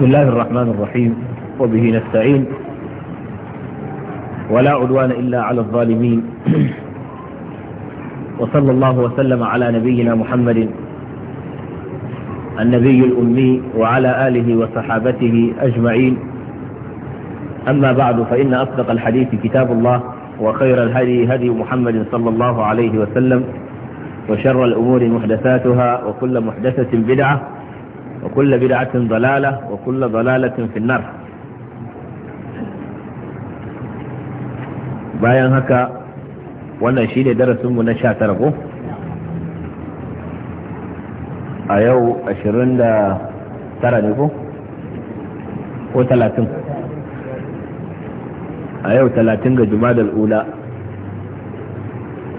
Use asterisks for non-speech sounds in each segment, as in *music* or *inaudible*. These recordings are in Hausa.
بسم الله الرحمن الرحيم وبه نستعين ولا عدوان إلا على الظالمين *clears throat* وصلى الله وسلم على نبينا محمد النبي الأمي وعلى آله وصحابته أجمعين أما بعد فإن أصدق الحديث كتاب الله وخير الهدي هدي محمد صلى الله عليه وسلم وشر الأمور محدثاتها وكل محدثة بدعة وكل بدعة ضلالة وكل ضلالة في النار bayan haka wannan shi ne darasinmu na sha tara ko a yau ashirin da tara ne ko ko talatin a yau talatin ga jumadal ula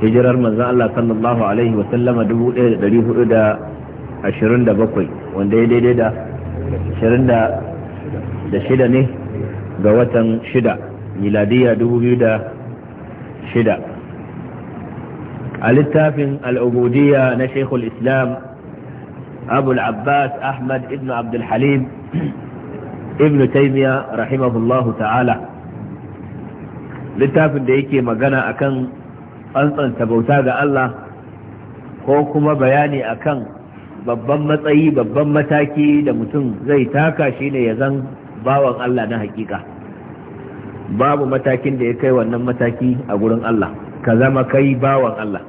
hijirar manzan Allah sallallahu Alaihi wasallama 1427 wanda ya daidai da 26 ne ga watan 6 miladiya 2006 a littafin al'ubudiyya na shekul islam abu al'abbas ahmad ibn abdulhalim ibn taimiyya rahimahullahu ta'ala littafin da yake magana akan tsantsanta bauta ga Allah ko kuma bayani akan babban matsayi babban mataki da mutum zai taka shine ya zan bawan Allah na hakika babu matakin da ya kai wannan mataki a gurin Allah ka zama kai bawan Allah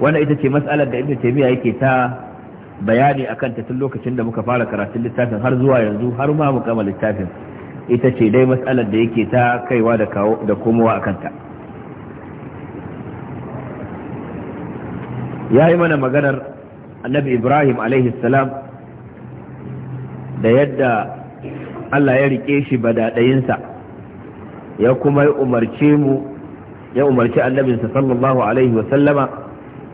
wannan ita ce mas'alar da ibn taymiya yake ta bayani akan ta tun lokacin da muka fara karatun littafin har zuwa yanzu har ma mu kama littafin ita ce dai matsalar da yake ta kaiwa da kawo da komowa akan ta ya mana maganar annabi ibrahim alaihi salam da yadda allah ya rike shi badaɗayinsa ya kuma ya umarce mu ya umarci annabinsa sallallahu alaihi wasallama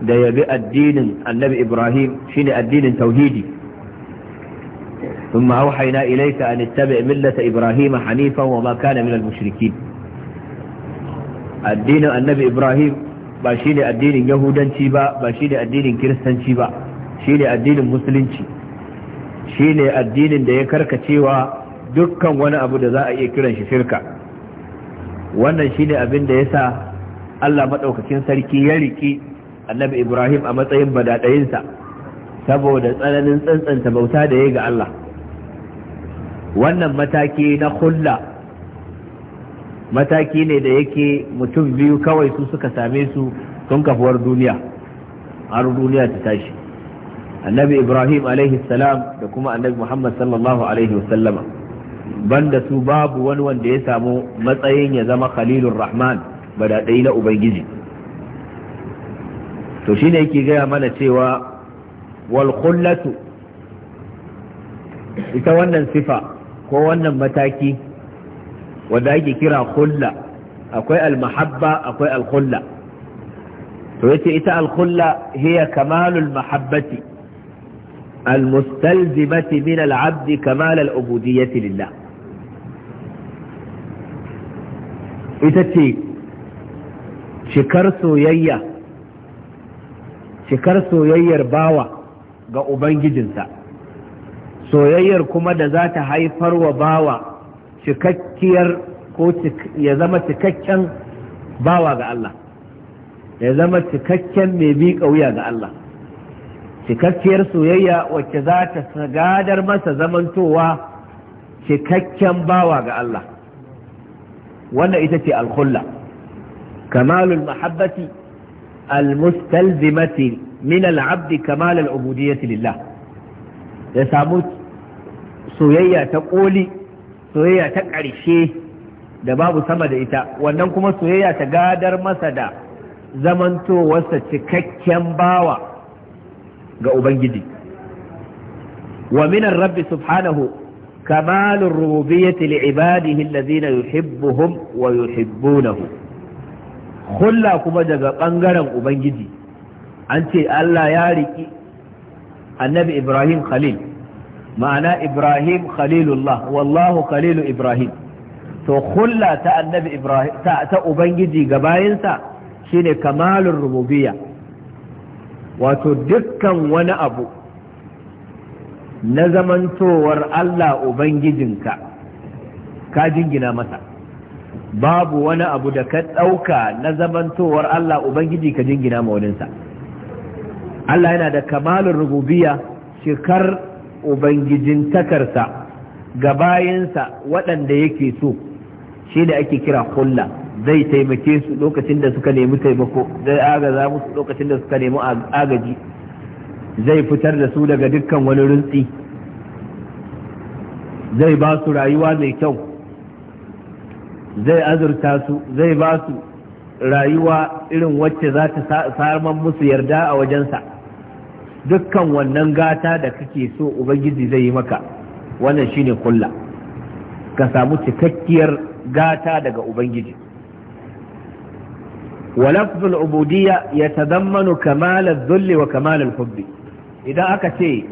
da ya bi addinin annabi ibrahim shine addinin tauhidi ثم أوحينا إليك أن اتبع ملة إبراهيم حنيفا وما كان من المشركين الدين النبي إبراهيم ba shi ne addinin yahudanci ba ba shi ne addinin kiristanci ba Shi ne addinin musulunci Shi ne addinin da ya karkacewa dukkan wani abu da za a iya kiran shi shirka wannan shi ne abin da ya sa Allah maɗaukakin sarki ya riki annabi Ibrahim a matsayin badaɗayinsa saboda tsananin tsantsanta bauta da ya ga Allah wannan mataki na hulla mataki ne da yake mutum biyu kawai su suka same su tun kafuwar duniya har duniya ta tashi annabi ibrahim alaihi salam da kuma annabi muhammad sallallahu alaihi wasallama banda su babu wani wanda ya samu matsayin ya zama khalilur rahman badaɗai na ubangiji to shine yake gaya mana cewa wal khullatu ita wannan sifa ko wannan mataki wanda ake kira khulla akwai almahabba akwai alkhulla to yace ita alkhulla hiya kamalul mahabbati المستلزمة من العبد كمال العبودية لله إتتي شكر سويا شكر سويا باوة ga Ubangijinsa, soyayyar kuma da za ta haifar wa bawa cikakkiyar ko ya zama cikakken bawa ga Allah, ya zama cikakken mai bi wuya ga Allah. cikakkiyar soyayya wacce za ta gadar masa zamantowa cikakken bawa ga Allah wannan ita ce alkhulla kamalul mahabbati almustalzimati min al'abdi kamal al'ubudiyyati lillah ya samu soyayya ta koli soyayya ta ƙarshe da babu sama da ita wannan kuma soyayya ta gadar masa da zamantowarsa cikakken bawa ga ubangiji wa minan rabbi subhanahu kamalur rububiyyati li ibadihi allazina yuhibbuhum wa yuhibbunahu khulla kuma daga bangaren ubangiji an ce Allah ya riki annabi Ibrahim Khalil ma'ana Ibrahim Khalilullah wallahu Khalilu Ibrahim to khulla ta annabi Ibrahim ubangiji ga bayinsa shine kamalur rububiyya wato dukkan wani abu na zamantowar Allah Ubangijinka ka jingina masa babu wani abu da ka ɗauka na zamantowar Allah Ubangiji ka jingina maulinsa Allah yana da kamalin rububiya shikar takarsa ga bayansa waɗanda yake so shi da ake kira hulla zai taimake su lokacin da suka nemi taimako zai agaza musu lokacin da suka nemi agaji zai fitar da su daga dukkan wani rintsi zai ba su rayuwa mai kyau zai azurta su zai ba su rayuwa irin wacce za ta saman musu yarda a wajensa dukkan wannan gata da kake so ubangiji zai yi maka wannan shine kulla ka samu cikakkiyar gata daga ubangiji ولفظ العبودية يتضمن كمال الذل وكمال الحب إذا أكتي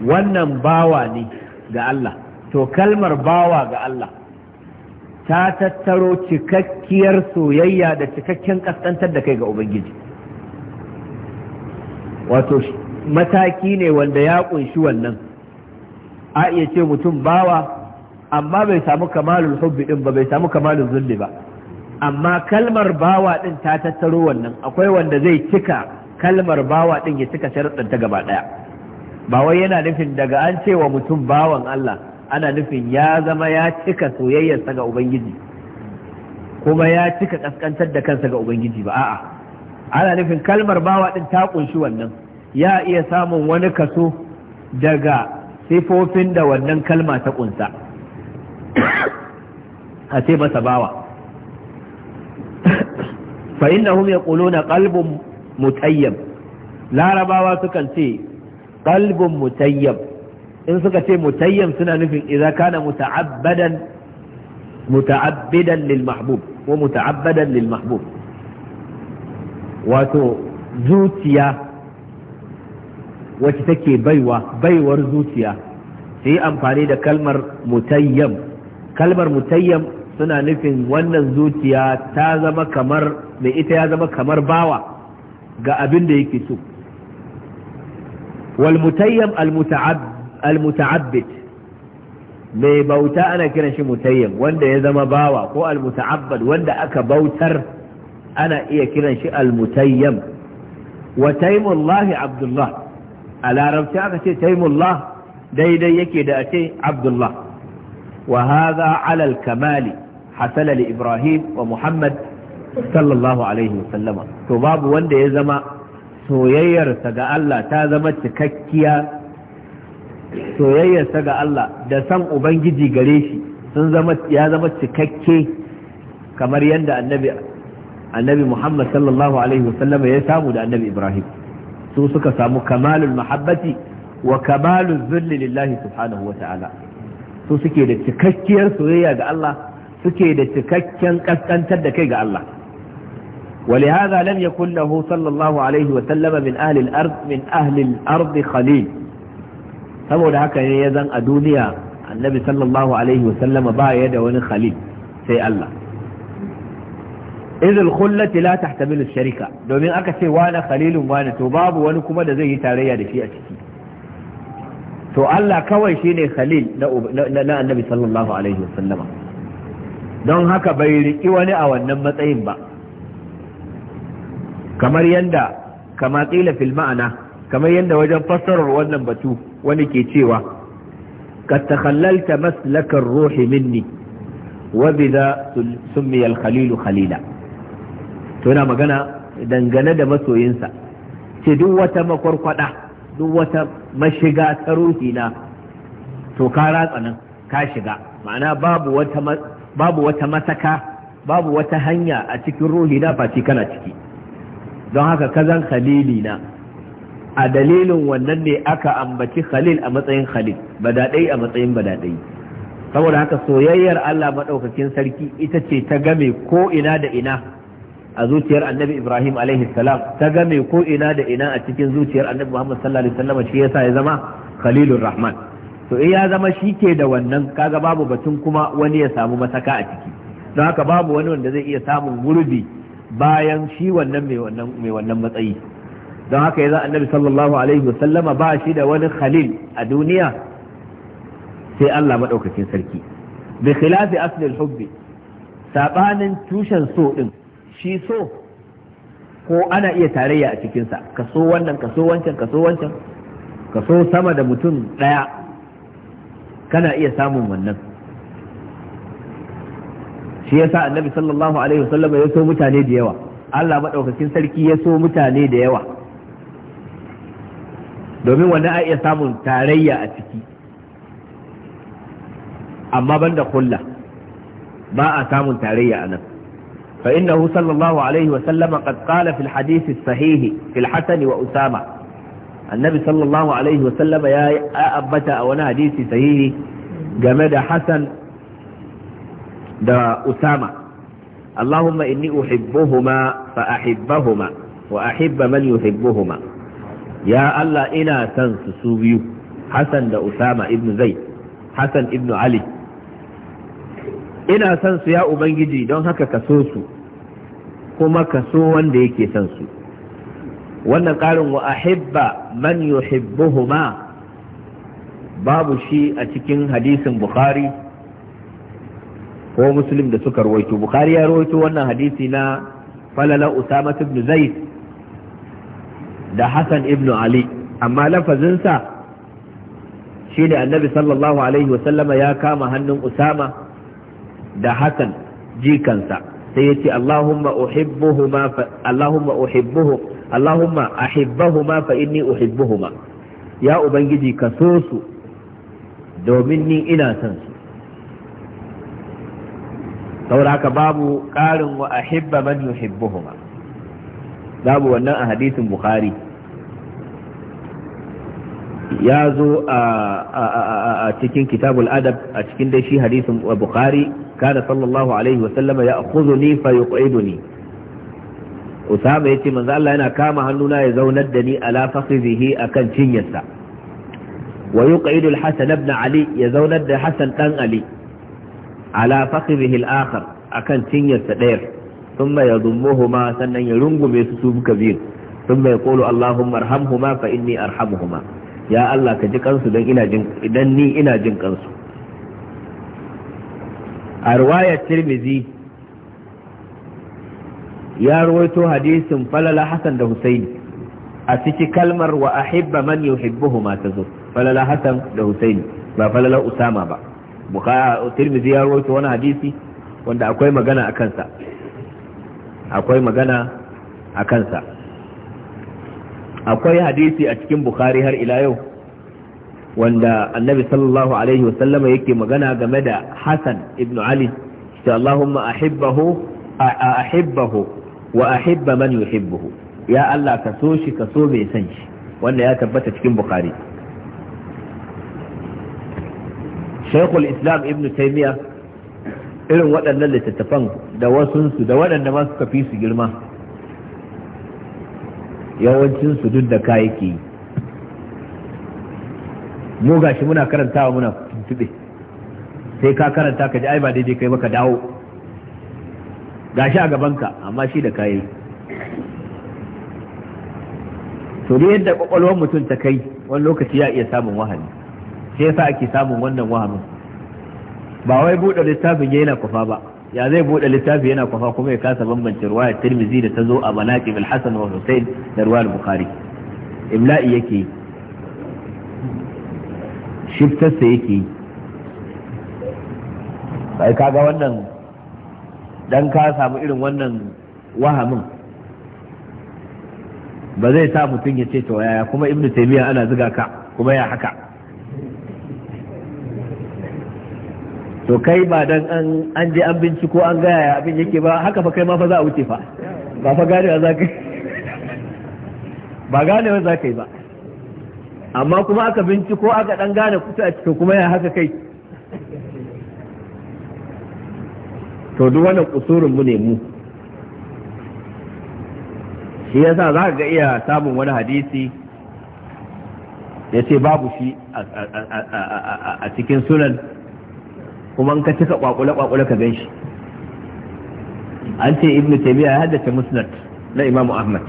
wannan bawa ne ga Allah to kalmar bawa ga Allah ta tattaro cikakkiyar soyayya da cikakken kaskantar da kai ga Ubangiji wato mataki ne wanda ya kunshi wannan a iya ce mutum bawa amma bai samu kamalul hubbi din ba bai samu kamalul zulli ba amma kalmar bawa ɗin ta tattaro wannan akwai wanda zai cika kalmar bawa din ya cika sharuɗin ta gaba ɗaya ba wai yana nufin daga an ce wa mutum bawan Allah ana nufin ya zama ya cika soyayyarsa ga ubangiji kuma ya cika kaskantar da kansa ga ubangiji ba a'a ana nufin kalmar bawa ɗin ta kunshi wannan ya iya samun wani kaso daga sifofin da wannan kalma ta kunsa *coughs* a ce masa bawa fa innahum yaquluna qalbun mutayyab larabawa sukan ce qalbun mutayyab in suka ce mutayyab suna nufin idza kana muta'abbadan muta'abbidan lil mahbub wa muta'abbadan lil mahbub wato zuciya wacce take baiwa baiwar zuciya sai amfani da kalmar mutayyam kalmar mutayyam suna nufin wannan zuciya ta zama kamar mai ita ya zama kamar bawa ga abin da yake so walmutayyam almuta'abbid mai bauta ana kiran shi mutayyam wanda ya zama bawa ko almuta'abbad wanda aka bautar ana iya kiran shi almutayyam wa taimullahi abdullah a larabci aka ce taimullah daidai yake da a ce abdullah wa hadha alal kamali hasala li ibrahim wa muhammad sallallahu alaihi wasallama to babu wanda ya zama soyayyarsa ga Allah ta zama cikakkiya soyayyarsa ga Allah da san ubangiji gare shi sun ya zama cikakke kamar yadda annabi annabi muhammad sallallahu alaihi wasallama ya samu da annabi ibrahim su suka samu kamalul muhabbati wa kamalul zulli lillahi subhanahu wa ta'ala su suke da cikakkiyar soyayya ga Allah suke da cikakken kaskantar da kai ga Allah ولهذا لم يكن له صلى الله عليه وسلم من أهل الأرض من أهل الأرض خليل saboda haka ne ya zan a duniya annabi sallallahu alaihi wasallam ba ya da wani khalil sai Allah idil khullati la tahtamilu sharika domin aka ce wani khalilun wani to babu wani kuma da zai yi tarayya da shi a ciki to Allah kawai ne khalil na annabi sallallahu alaihi don haka bai riki wani a wannan matsayin ba kamar yadda kama ƙila fil ma'ana kamar yadda wajen fassarar wannan batu wani ke cewa ka takhallalta maslakar ruhi minni wa bidha summiya al-khalilu khalila to yana magana dangane da masoyinsa ce duk wata makwarkwada duk wata mashiga ta ruhi na to ka ratsa nan ka shiga ma'ana babu wata babu wata mataka babu wata hanya a cikin ruhi na face kana ciki don haka kazan khalili na a dalilin wannan ne aka ambaci khalil a matsayin khalil badadai a matsayin badadai saboda haka soyayyar Allah maɗaukakin sarki ita ce ta game ko ina da ina a zuciyar annabi ibrahim alaihi salam ta game ko ina da ina a cikin zuciyar annabi muhammad sallallahu alaihi wasallam shi yasa ya zama khalilur rahman to in ya zama shi ke da wannan kaga babu batun kuma wani ya samu masaka a ciki don haka babu wani wanda zai iya samun gurbi bayan shi wannan mai wannan matsayi don haka ya za annabi sallallahu alaihi wasallama ba shi da wani khalil a duniya sai Allah maɗaukakin sarki bi khilafi asalin hubbi sabanin tushen so din shi so ko ana iya tarayya a cikinsa kaso wannan kaso wancan kaso wancan kaso sama da mutum ɗaya kana iya samun wannan shi yasa annabi sallallahu alaihi wasallam ya so mutane da yawa Allah madaukakin sarki ya so mutane da yawa domin wannan a iya samun tarayya a ciki amma banda kulla ba a samun tarayya a nan فإنه صلى الله عليه وسلم قد قال في الحديث الصحيح في الحسن وأسامة annabi sallallahu alaihi wasallama ya yi abbata a wani hadisi sahihi game da hasan da usama اللهم إني أحبهما فأحبهما وأحب من يحبهما يا الله إنا تنس سوبيو حسن دا أسامة ابن زيد حسن ابن علي إنا تنس يا أبنجي دون هكا كسوسو كما كسوان ديكي تنسو wannan ƙarin wa ahibba man yuhibbuhuma babu shi a cikin hadisin bukhari ko muslim da suka rawaito bukhari ya rawaito wannan hadisi na falala usama ibn zaid da hasan ibn ali amma lafazinsa shi ne annabi sallallahu alaihi wasallama ya kama hannun usama da hasan jikansa sai ya ce allahumma uhibbuhuma allahumma Allahumma ahibbahuma fa inni uhibbuhuma ya ubangiji ka so su domin ni ina son su sauraka babu karin wa ahibba man yuhibbuhuma babu wannan a hadisin bukhari ya zo a cikin kitabul adab a cikin dai shi hadisin bukhari kana sallallahu alaihi wasallama ya ni fa yuqiduni usama ya ce manzo Allah yana kama hannuna ya zaunar da ni ala fakhidhihi akan cinyarsa wa yuqaidu al-hasan ibn ali ya zaunar da hasan dan ali ala fakhidhihi al-akhar akan cinyarsa dayar thumma yadhummuhuma sannan ya rungume su su kabir thumma yaqulu allahumma arhamhuma fa inni arhamuhuma ya Allah ka ji kansu dan ina jin idan ni ina jin kansu a riwayar tirmidhi ya ruwaito hadisin falala hasan da husaini a ciki kalmar wa ahibba man yuhibbuhuma tazo falala hasan da husaini ba falala usama ba bukhari tirmidhi ya rawaito wani hadisi wanda akwai magana a kansa akwai magana a kansa akwai hadisi a cikin bukhari har ila yau wanda annabi sallallahu alaihi wasallama yake magana game da hasan ibn ali shi Allahumma ahibbahu ahibbahu wa ahibba man yuhibbuhu ya Allah ka so shi ka so mai san shi wanda ya tabbata cikin bukhari shaykhul islam ibnu taymiya irin waɗannan littattafan da wasunsu da waɗanda ma suka fi su girma yawancin su duk da kayaki mu gashi muna karantawa muna tuntube sai ka karanta ka ji ai ba daidai kai ba ka dawo gashi a gabanka amma shi da kayi to da yadda kwakwalwar mutum ta kai wani lokaci ya iya samun wahani sai yasa ake samun wannan wahamin ba wai buɗe littafin ya yana kwafa ba ya zai buɗe littafi yana kwafa kuma ya kasa bambance ruwayar tirmizi da ta zo a manaqib al-hasan wa husayn da ruwayar bukhari imla'i yake shiftarsa yake ai sai kaga wannan dan ka samu irin wannan wahamin ba zai sa mutum ya ce to yaya kuma ibnu taymiya ana ziga ka kuma ya haka to kai ba dan an an je an binciko an ga yaya abin yake ba haka fa kai ma fa za a wuce fa ba fa ganewa za ka ba ganewa za ka yi ba amma kuma aka binciko aka dan gane kusa a cikin kuma ya haka kai to duk wannan kusurin mu ne mu shi yasa za ga iya samun wani hadisi ya ce babu shi a cikin sunan kuma ka cika kwakula kwakula ka gan shi an ce ibnu taymiya ya haddace musnad na Imam ahmad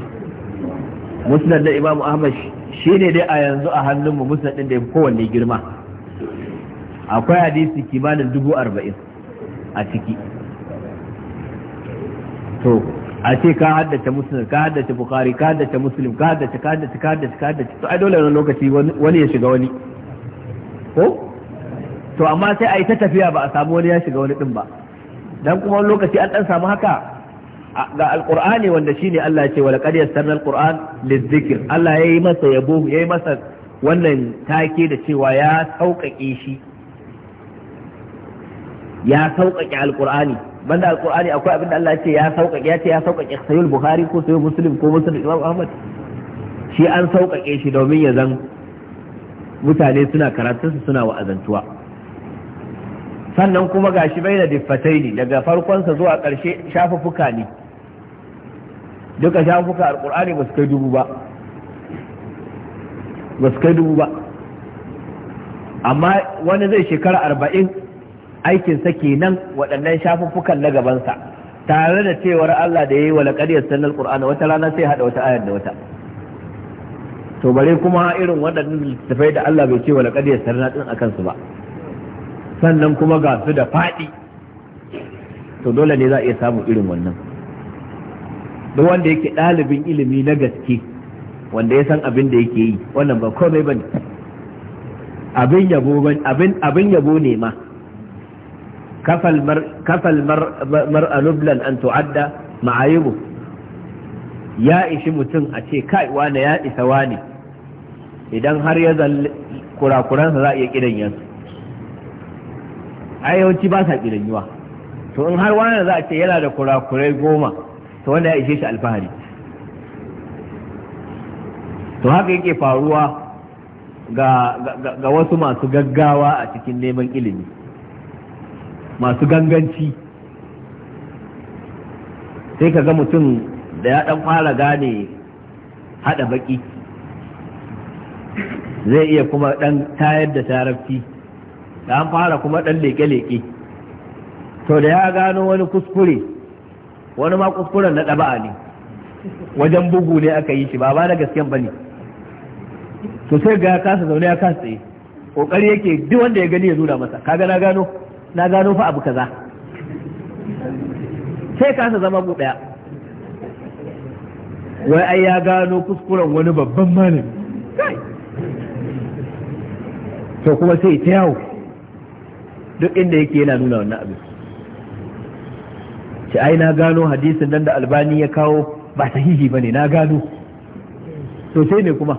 musnad na Imam ahmad shi ne dai a yanzu a hannunmu musnad din da ya kowanne girma akwai hadisi kimanin dubu arba'in a ciki to a ce ka haddace muslim ka haddace bukhari ka haddace muslim ka haddace ka haddace ka haddace ka haddace to ai dole ne lokaci wani ya shiga wani ko to amma sai a yi ta tafiya ba a samu wani ya shiga wani din ba dan kuma wani lokaci an dan samu haka ga alqur'ani wanda shine Allah ya ce wala qad yassarna alqur'an lizikr Allah yayi masa yabo yayi masa wannan take da cewa ya sauƙaƙe shi ya sauƙaƙe alqur'ani banda alqur'ani akwai abin da Allah ya ce ya sauƙaƙe ya ce ya sauƙaƙe sayyid bukhari ko sayyid muslim ko muslim imam ahmad shi an sauƙaƙe shi domin ya zan mutane suna karatunsa suna wa'azantuwa sannan kuma gashi bai da diffatai ne daga farkonsa zuwa ƙarshe shafuffuka ne duka shafuffuka alƙur'ani ba su kai dubu ba ba su kai dubu ba amma wani zai shekara arba'in aikinsa kenan waɗannan shafuffukan na gabansa tare da cewar Allah da ya yi wa laƙariyar sannan ƙur'ana wata rana sai haɗa wata ayar da wata to bare kuma irin waɗannan littattafai da Allah bai ce wa laƙariyar sannan ɗin a kansu ba sannan kuma ga su da faɗi to dole ne za a iya samun irin wannan duk wanda yake ɗalibin ilimi na gaske wanda ya san abin da yake yi wannan ba komai ba ne abin yabo ne ma kafal mar'a nublan an tu'adda ma'ayibu ya ishi mutum a ce kai wane ya isa wane idan har ya zalle kurakuransa za a iya kidan a yawanci ba sa kidan to in har wani za a ce yana da kurakurai goma to wanda ya ishe shi alfahari to haka yake faruwa ga wasu masu gaggawa a cikin neman ilimi masu ganganci sai ka ga mutum da ya ɗan fara gane haɗa baƙi zai iya kuma ɗan tayar da tarafi da an fara kuma ɗan leke leke, to da ya gano wani kuskure wani ma kuskuren na ɗaba'a ne wajen bugu ne aka yi shi ba ba da gasken ba ne to sai ga ya kasa zaune ya kasa tsaye ƙoƙari yake duk wanda ya gani ya zura masa kaga na gano na gano fa abu kaza sai kasa zama ku daya wai ai ya gano kuskuren wani babban malami kai to kuma sai ta yawo duk inda yake yana nuna wannan abin sai ai na gano hadisin nan da albani ya kawo ba sahihi bane na gano to sai ne kuma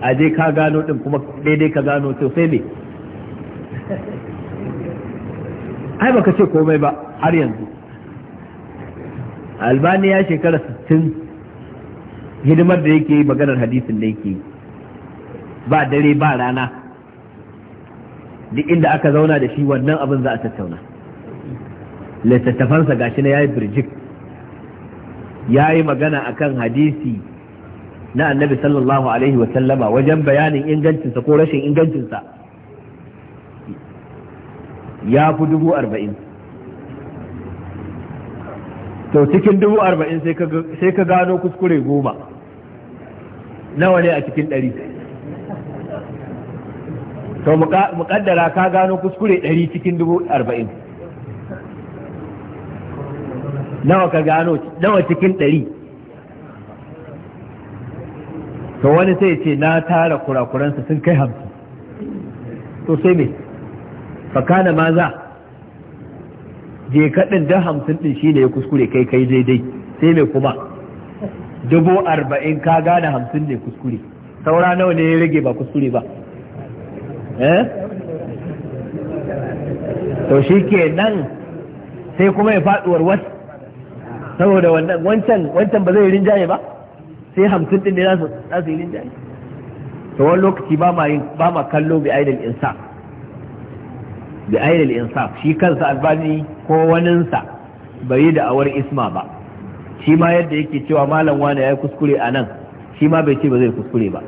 a je ka gano din kuma daidai ka gano to sai ne ai baka ce komai ba har yanzu albani ya shekara 60 hidimar da yake yi maganar hadisin da yake ba dare ba rana duk inda aka zauna da shi wannan abin za a tattauna littattafansa gashi na yayi birjik ya yi magana akan hadisi na annabi sallallahu alaihi wasallama wajen bayanin ingancinsa ko rashin ingancinsa ya fi dubu arba'in to cikin dubu arba'in sai ka gano kuskure goma nawa ne a cikin ɗari to muƙaddara ka gano kuskure ɗari cikin dubu arba'in nawa ka gano nawa cikin ɗari to wani sai ce na tara kurakuransa sun kai hamsin to sai me fakana maza je kaɗin da hamsin ɗin ne ya kuskure kai kai daidai sai mai kuma dubu arba'in ka gane hamsin ne kuskure saura nawa ne ya rage ba kuskure ba eh to shi ke nan sai kuma ya faɗuwar wasu saboda wannan wancan wancan ba zai yi rinjaye ba sai hamsin ɗin ne za su yi rinjaye to wani lokaci ba ma kallo bi aidil insa bi ainihin insaf shi kansa albani ko waninsa bai yi da'awar isma ba shi ma yadda yake cewa malam wani ya kuskure a nan shi ma bai ce ba zai kuskure ba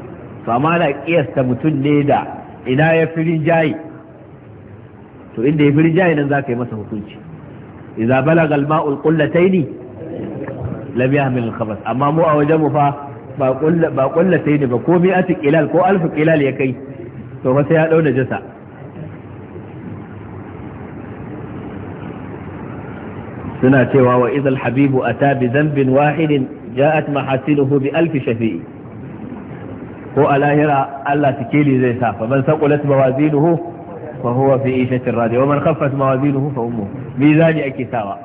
to amma na kiyasta mutum ne da ina ya firin jayi to inda ya firin jayi nan za ka yi masa hukunci idza balaga al-ma'u al-qullataini lam ya al khabas amma mu a wajen mu fa ba qullataini ba ko mi'atu qilal ko alfu qilal ya kai to fa sai ya dauna jasa suna cewa wa idal habibu a ata bi dhanbin wahidin ja'at mahasiluhu bi alfi shafi'i ko a lahira Allah tikeli zai sa fa man saqulat mawazinuhu fa huwa fi ishatin radiya wa man khaffat mawazinuhu fa ummu mizani ake sawa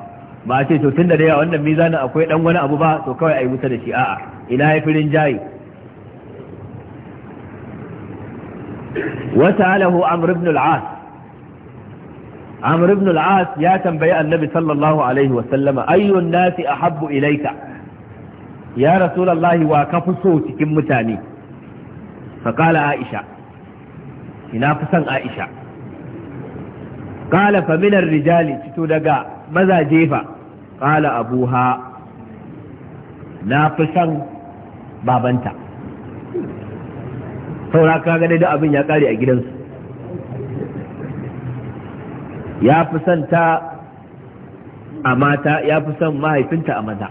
ba a ce to tunda da wannan mizanin akwai dan wani abu ba to kawai ayi wuta da shi a'a ina ya firin jayi wa ta'alahu amr ibn al-as amr ibn al ya tambayi annabi sallallahu alaihi wa sallama ayyun nasi ahabbu ilaika ya rasulullahi wa ka fi so cikin mutane fa qala aisha ina fi aisha qala fa rijali cito daga mazaje fa qala abuha babanta saura kaga abin ya kare a gidansu ya fi son ta a mata ya fi son mahaifinta a maza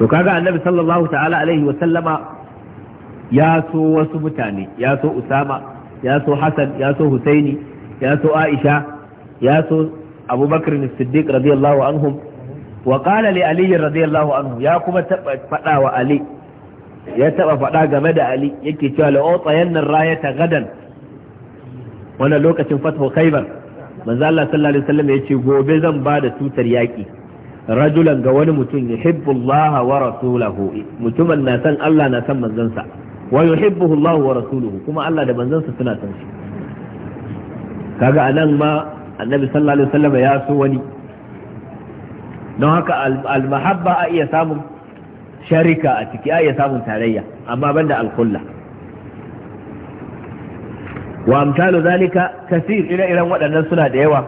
to kaga annabi sallallahu ta'ala alaihi wa sallama ya so wasu mutane ya so usama ya so hasan ya so husaini ya so aisha ya so abubakar siddiq radiyallahu anhum wa qala li ali radiyallahu anhu ya kuma taba fada wa ali ya taba fada game da ali yake cewa la utayanna rayata gadan wannan lokacin fathu khaybar manzo Allah sallallahu alaihi wasallam yace gobe zan ba da tutar yaki rajulan ga wani mutum yuhibbullaha wa rasulahu mutumin na san Allah na san manzansa wa yuhibbuhu Allah wa rasuluhu kuma Allah da manzansa suna san shi kaga anan ma annabi sallallahu alaihi wasallam ya so wani don haka al-mahabba a iya samun sharika a ciki a iya samun tarayya amma banda al-kullah wa amsalu zalika kasir ire-iren waɗannan suna da yawa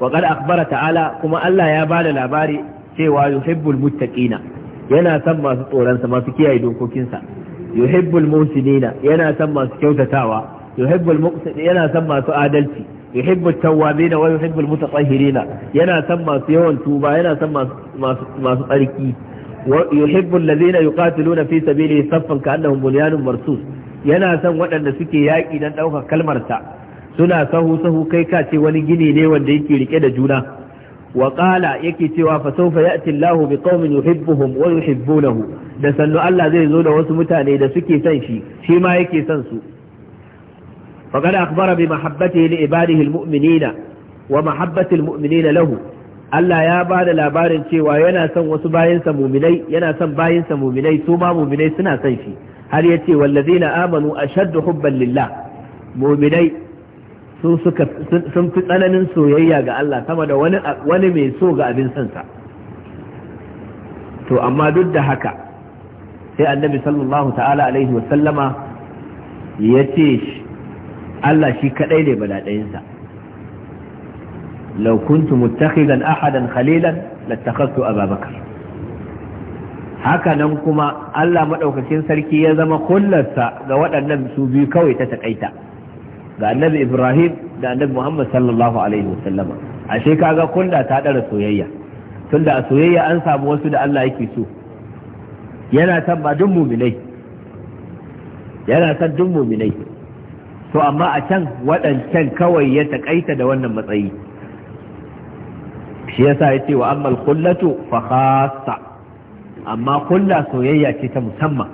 wa qad akhbara ta'ala kuma Allah ya bada labari cewa yuhibbul muttaqina yana son masu tsoron sa masu kiyaye dokokin sa yuhibbul muhsinina yana son masu kyautatawa yuhibbul muqsit yana son masu adalci yuhibbul tawwabina wa yuhibbul mutatahhirina yana son masu yawan tuba yana son masu masu tsarki yuhibbul ladina yuqatiluna fi sabilihi saffan ka'annahum bunyanun marsus yana son waɗanda suke yaƙi don ɗaukar kalmarsa suna sahu sahu kai ka ce wani gini ne wanda yake rike da juna wa qala yake cewa fa sawfa ya'ti Allah bi qaumin yuhibbuhum wa yuhibbunahu da sannu Allah zai zo da wasu mutane da suke son shi shi ma yake son su faqad akhbara bi mahabbatihi li ibadihi almu'minina wa mahabbati almu'minina lahu Allah ya ba da labarin cewa yana son wasu bayansa muminai yana son bayansa muminai su ma muminai suna son shi har ya ce na amanu ashaddu hubban lillah mu'minai sun sun fi tsananin soyayya ga Allah sama da wani mai so ga abin sansa to amma duk da haka sai annabi sallallahu ta'ala alaihi wa sallama ya ce Allah shi kadai ne bala لو كنت متخذا أحدا خليلا لاتخذت أبا بكر haka nan kuma Allah maɗaukakin sarki ya zama kullarsa ga waɗannan su biyu kawai ta taƙaita ga annabi Ibrahim da annabi Muhammad sallallahu alaihi wasallama ashe kaga kulla ta ɗara soyayya tunda a soyayya an samu wasu da Allah yake so yana san ba duk muminai yana san duk muminai to amma a can waɗancan kawai ya taƙaita da wannan matsayi shi yasa ya ce wa ammal kullatu fa khassa amma kulla soyayya ce ta musamman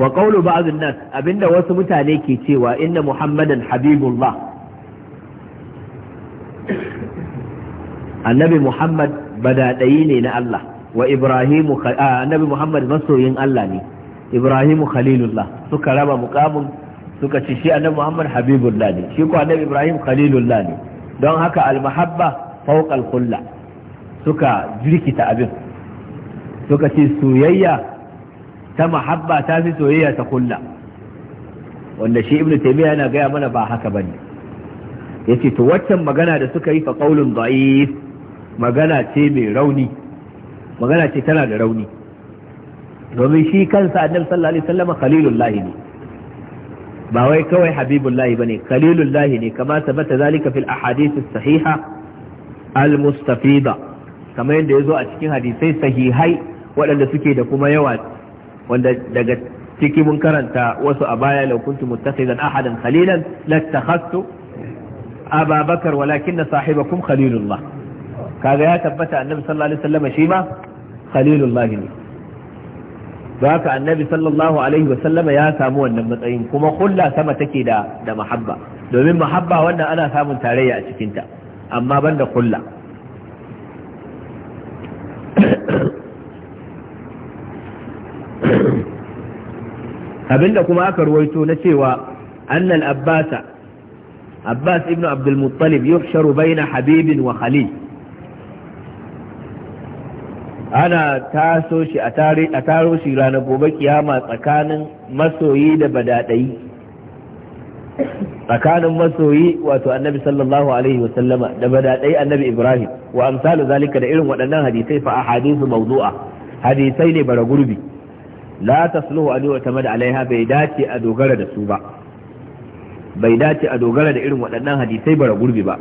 wa qawlu ba'd nas abinda wasu mutane ke cewa inna muhammadan habibullah annabi muhammad badadayi ne na Allah wa ibrahimu annabi muhammad masoyin Allah ne ibrahimu khalilullah suka raba mukamin suka ce shi annabi muhammad habibullah ne shi ko annabi ibrahim khalilullah ne don haka al almahabba fawqa alqulla suka jirkita abin suka ce soyayya ta mahabba ta fi soyayya ta kulla wanda shi ibnu taymiya yana gaya mana ba haka bane yace to waccan magana da suka yi fa qaulun da'if magana ce mai rauni magana ce tana da rauni domin shi kansa annabi sallallahu alaihi wasallam khalilullahi ne ba wai kawai habibullahi bane khalilullahi ne kama sabata zalika fil ahadith as-sahiha al-mustafida kamar yadda yazo a cikin hadisai sahihai waɗanda suke da kuma yawa wanda daga ciki mun karanta wasu a baya law kuntu muttakhidan ahadan khalilan lattakhadtu Aba Bakar walakin sahibakum khalilullah kaga ya tabbata annabi sallallahu alaihi wasallam shi ma khalilullah ne haka annabi sallallahu alaihi wasallama ya samu wannan matsayin kuma kulla sama take da da mahabba domin mahabba wannan ana samun tarayya a cikinta amma banda kulla abinda kuma aka ruwaito na cewa annal abbasa abbas ibn abdul muttalib yuhsharu baina habibin wa khalil ana taso shi a taro shi ranar gobe kiyama tsakanin masoyi da badadayi tsakanin masoyi wato annabi sallallahu alaihi wa sallama da badadai annabi ibrahim wa amsalu zalika da irin waɗannan hadisai fa ahadithu mawdu'a hadisai ne bara gurbi la tasluhu an yu'tamada alaiha bai dace a dogara da su ba bai dace a dogara da irin waɗannan hadisai bara gurbi ba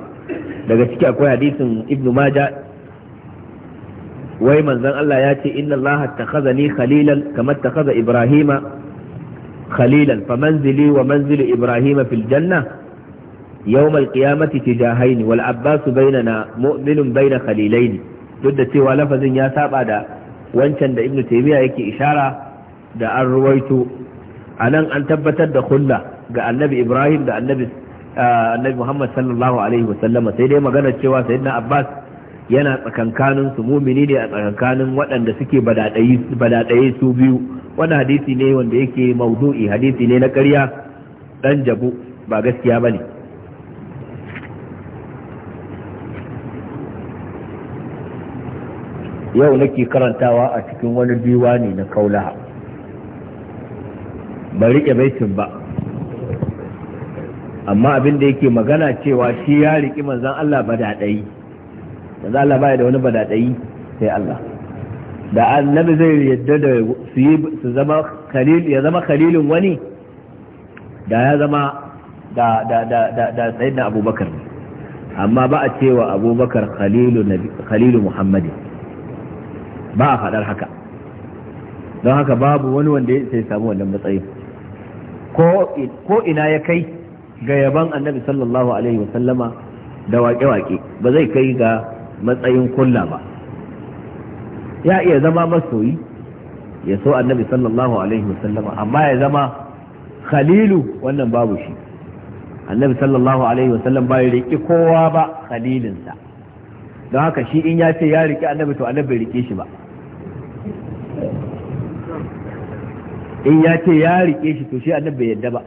daga ciki akwai hadisin ibnu maja wai manzon Allah ya ce inna Allah takhazani khalilan kamar takhaza ibrahima khalilan fa manzili wa manzilu ibrahima fil janna يوم القيامة تجاهين والعباس بيننا مؤمن بين خليلين duk da cewa lafazin ya saba da wancan da ibnu taymiya yake ishara da an ruwaito a nan an tabbatar da hulla ga annabi ibrahim da annabi muhammad sallallahu alaihi wasallama sai dai magana cewa sayyidina abbas yana tsakankanin su mumini ne a tsakankanin waɗanda suke badaɗaye su biyu wani hadisi ne wanda yake maudu'i hadisi ne na ƙarya ɗan jabu ba gaskiya ba ne yau nake karantawa a cikin wani diwani na kaulaha ba riƙe baitin ba amma abin da yake magana cewa shi ya riƙi manzan Allah badaɗayi manzan Allah ba da wani badaɗayi sai Allah da annabi zai yadda da su yi su zama khalil ya zama khalilin wani da ya zama da da da da da sayyidina abubakar amma ba a cewa abubakar khalilu nabi khalilu muhammadi ba a faɗar haka don haka babu wani wanda ya samu wannan matsayin ko ina ya kai ga yaban annabi sallallahu alaihi wasallama da waƙe-waƙe ba zai kai ga matsayin kulla ba ya iya zama masoyi ya so annabi sallallahu alaihi wasallama amma ya zama khalilu wannan babu shi annabi sallallahu alaihi wasallam ba ya riƙi kowa ba khalilinsa don haka shi in ya ce ya riƙi annabi to annabi bai riƙe shi ba in ya ce ya rike shi to shi annabi bai yadda ba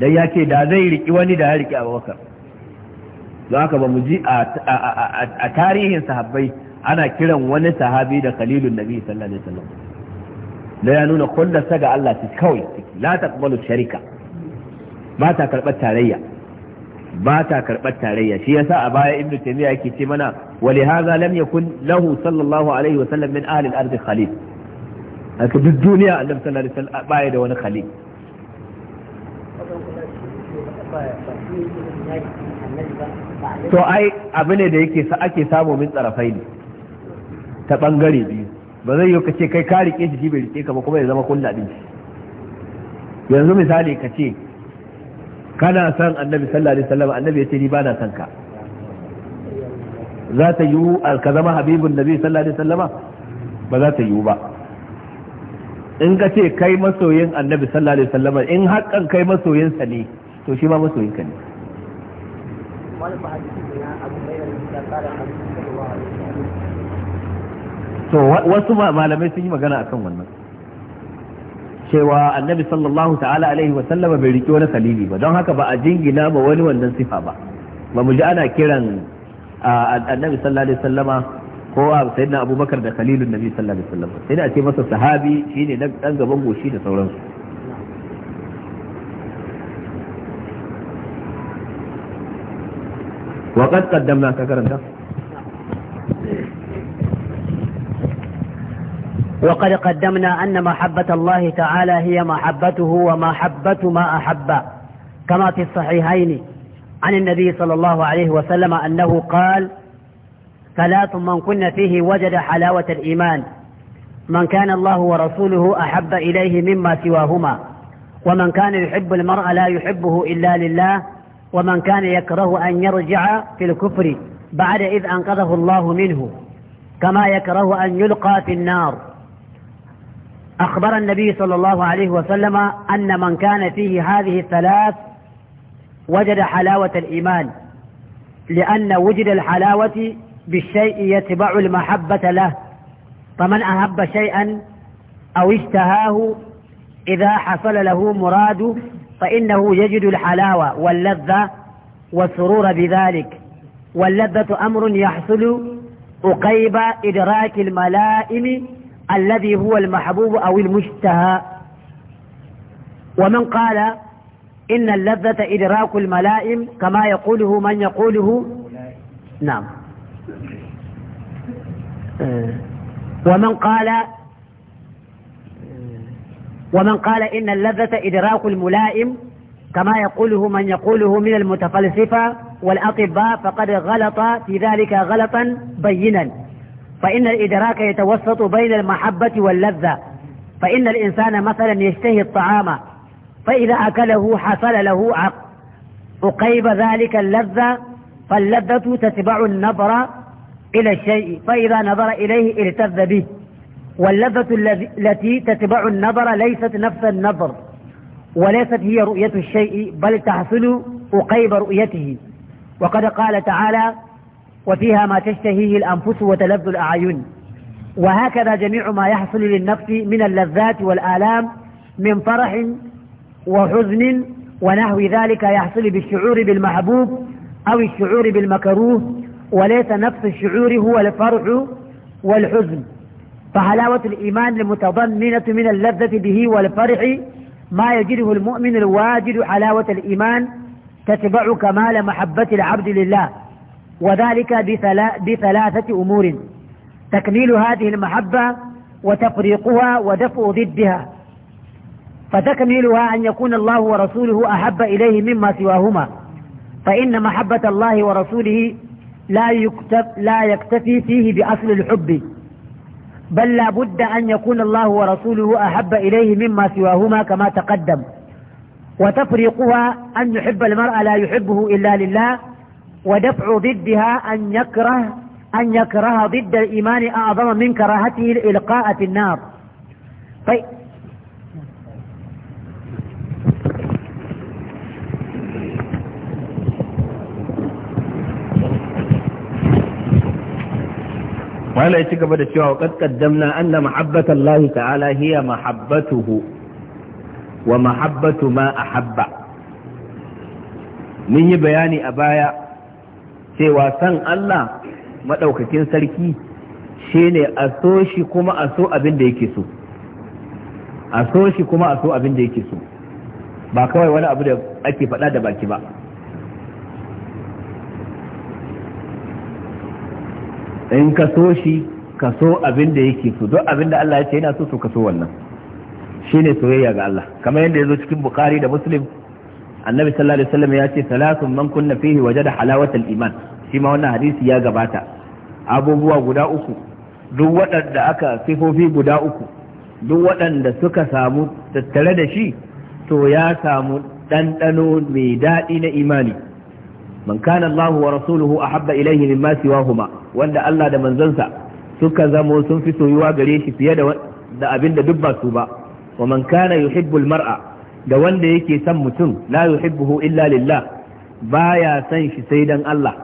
dan ya ce da zai riki wani da ya riki abubakar don haka ba mu ji a tarihin sahabbai ana kiran wani sahabi da khalilun nabi sallallahu alaihi wasallam da ya nuna kullasa ga Allah ta kawai la taqbalu sharika ba ta karɓar tarayya ba ta karɓar tarayya shi yasa a baya ibnu taymiya yake ce mana wa li hadha lam yakun lahu sallallahu alaihi wasallam min ahli al ardh khalil aka duk duniya annabi sallallahu alaihi wasallam baya da wani khali to ai abu ne da yake ake samu min tsarafai ne ta bangare biyu ba zai yi kace kai ka rike shi bai rike ka ba kuma ya zama kulla din shi yanzu misali ka ce kana san annabi sallallahu alaihi wasallam annabi ya ce ni ba na san ka za ta yiwu ka zama habibun nabi sallallahu alaihi wasallama ba za ta yiwu ba in ka ce kai masoyin annabi sallallahu alaihi wasallam in hakan kai sa ne to shi ma masoyinka ne to wasu malamai sun yi magana akan wannan cewa annabi sallallahu ta'ala alaihi wa sallama bai riki wani salili ba don haka ba a jingina ba wani wannan sifa ba ba mu ji ana kiran annabi sallallahu alaihi sallama ko a sayyidina abubakar da khalilun nabi sallallahu alaihi wasallam sai da ake masa sahabi shine dan gaban goshi da sauransu وقد قدمنا كرنتا وقد قدمنا أن محبة الله تعالى هي محبته ومحبة ما أحب كما في الصحيحين عن النبي صلى الله عليه وسلم أنه قال ثلاث من كن فيه وجد حلاوة الإيمان من كان الله ورسوله أحب إليه مما سواهما ومن كان يحب المرء لا يحبه إلا لله ومن كان يكره أن يرجع في الكفر بعد إذ أنقذه الله منه كما يكره أن يلقى في النار أخبر النبي صلى الله عليه وسلم أن من كان فيه هذه الثلاث وجد حلاوة الإيمان لأن وجد الحلاوة بالشيء يتبع المحبة له فمن أحب شيئا أو اشتهاه إذا حصل له مراد فإنه يجد الحلاوة واللذة والسرور بذلك واللذة أمر يحصل أقيب إدراك الملائم الذي هو المحبوب أو المشتهى ومن قال إن اللذة إدراك الملائم كما يقوله من يقوله نعم إيه. ومن قال إيه. ومن قال إن اللذة إدراك الملائم كما يقوله من يقوله من المتفلسفة والأطباء فقد غلط في ذلك غلطا بينا فإن الإدراك يتوسط بين المحبة واللذة فإن الإنسان مثلا يشتهي الطعام فإذا أكله حصل له عقب أقيب ذلك اللذة فاللذة تتبع النظر إلى الشيء فإذا نظر إليه التذ به واللذة التي تتبع النظر ليست نفس النظر وليست هي رؤية الشيء بل تحصل أقيب رؤيته وقد قال تعالى وفيها ما تشتهيه الأنفس وتلذ الأعين وهكذا جميع ما يحصل للنفس من اللذات والآلام من فرح وحزن ونحو ذلك يحصل بالشعور بالمحبوب أو الشعور بالمكروه وليس نفس الشعور هو الفرح والحزن فحلاوة الإيمان المتضمنة من اللذة به والفرح ما يجده المؤمن الواجد حلاوة الإيمان تتبع كمال محبة العبد لله وذلك بثلاثة أمور تكميل هذه المحبة وتفريقها ودفع ضدها فتكملها أن يكون الله ورسوله أحب إليه مما سواهما فإن محبة الله ورسوله لا, يكتف لا يكتفي فيه بأصل الحب بل لا بد أن يكون الله ورسوله أحب إليه مما سواهما كما تقدم وتفريقها أن يحب المرأة لا يحبه إلا لله ودفع ضدها أن يكره أن يكره ضد الإيمان أعظم من كراهته الإلقاء في النار طيب، mala ya ci gaba da cewa qad qaddamna anna mahabbata Allah ta'ala hiya mahabbatuhu wa mahabbatu ma ahabba mun yi bayani a baya cewa san Allah madaukakin sarki shine a so shi kuma a so abin da yake so a so shi kuma a so abin da yake so ba kawai wani abu da ake faɗa da baki ba in ka so shi ka so abin da yake so duk abin da Allah ya ce yana so so ka so wannan shine soyayya ga Allah kamar yadda yazo cikin Bukhari da Muslim Annabi sallallahu alaihi wasallam ya ce salatun man kunna fihi wajada halawatal iman shi ma wannan hadisi ya gabata abubuwa guda uku duk waɗanda aka sifofi guda uku duk waɗanda suka samu tattare da shi to ya samu ɗanɗano mai daɗi na imani man kana wa rasuluhu a ahabba ilayhi mimma siwahuma wanda Allah da manzansa suka zamo sun fi soyuwa gare shi fiye da da abin duk ba ba wa man mar'a da wanda yake san mutum la yuhibbuhu illa lillah baya san shi sai dan Allah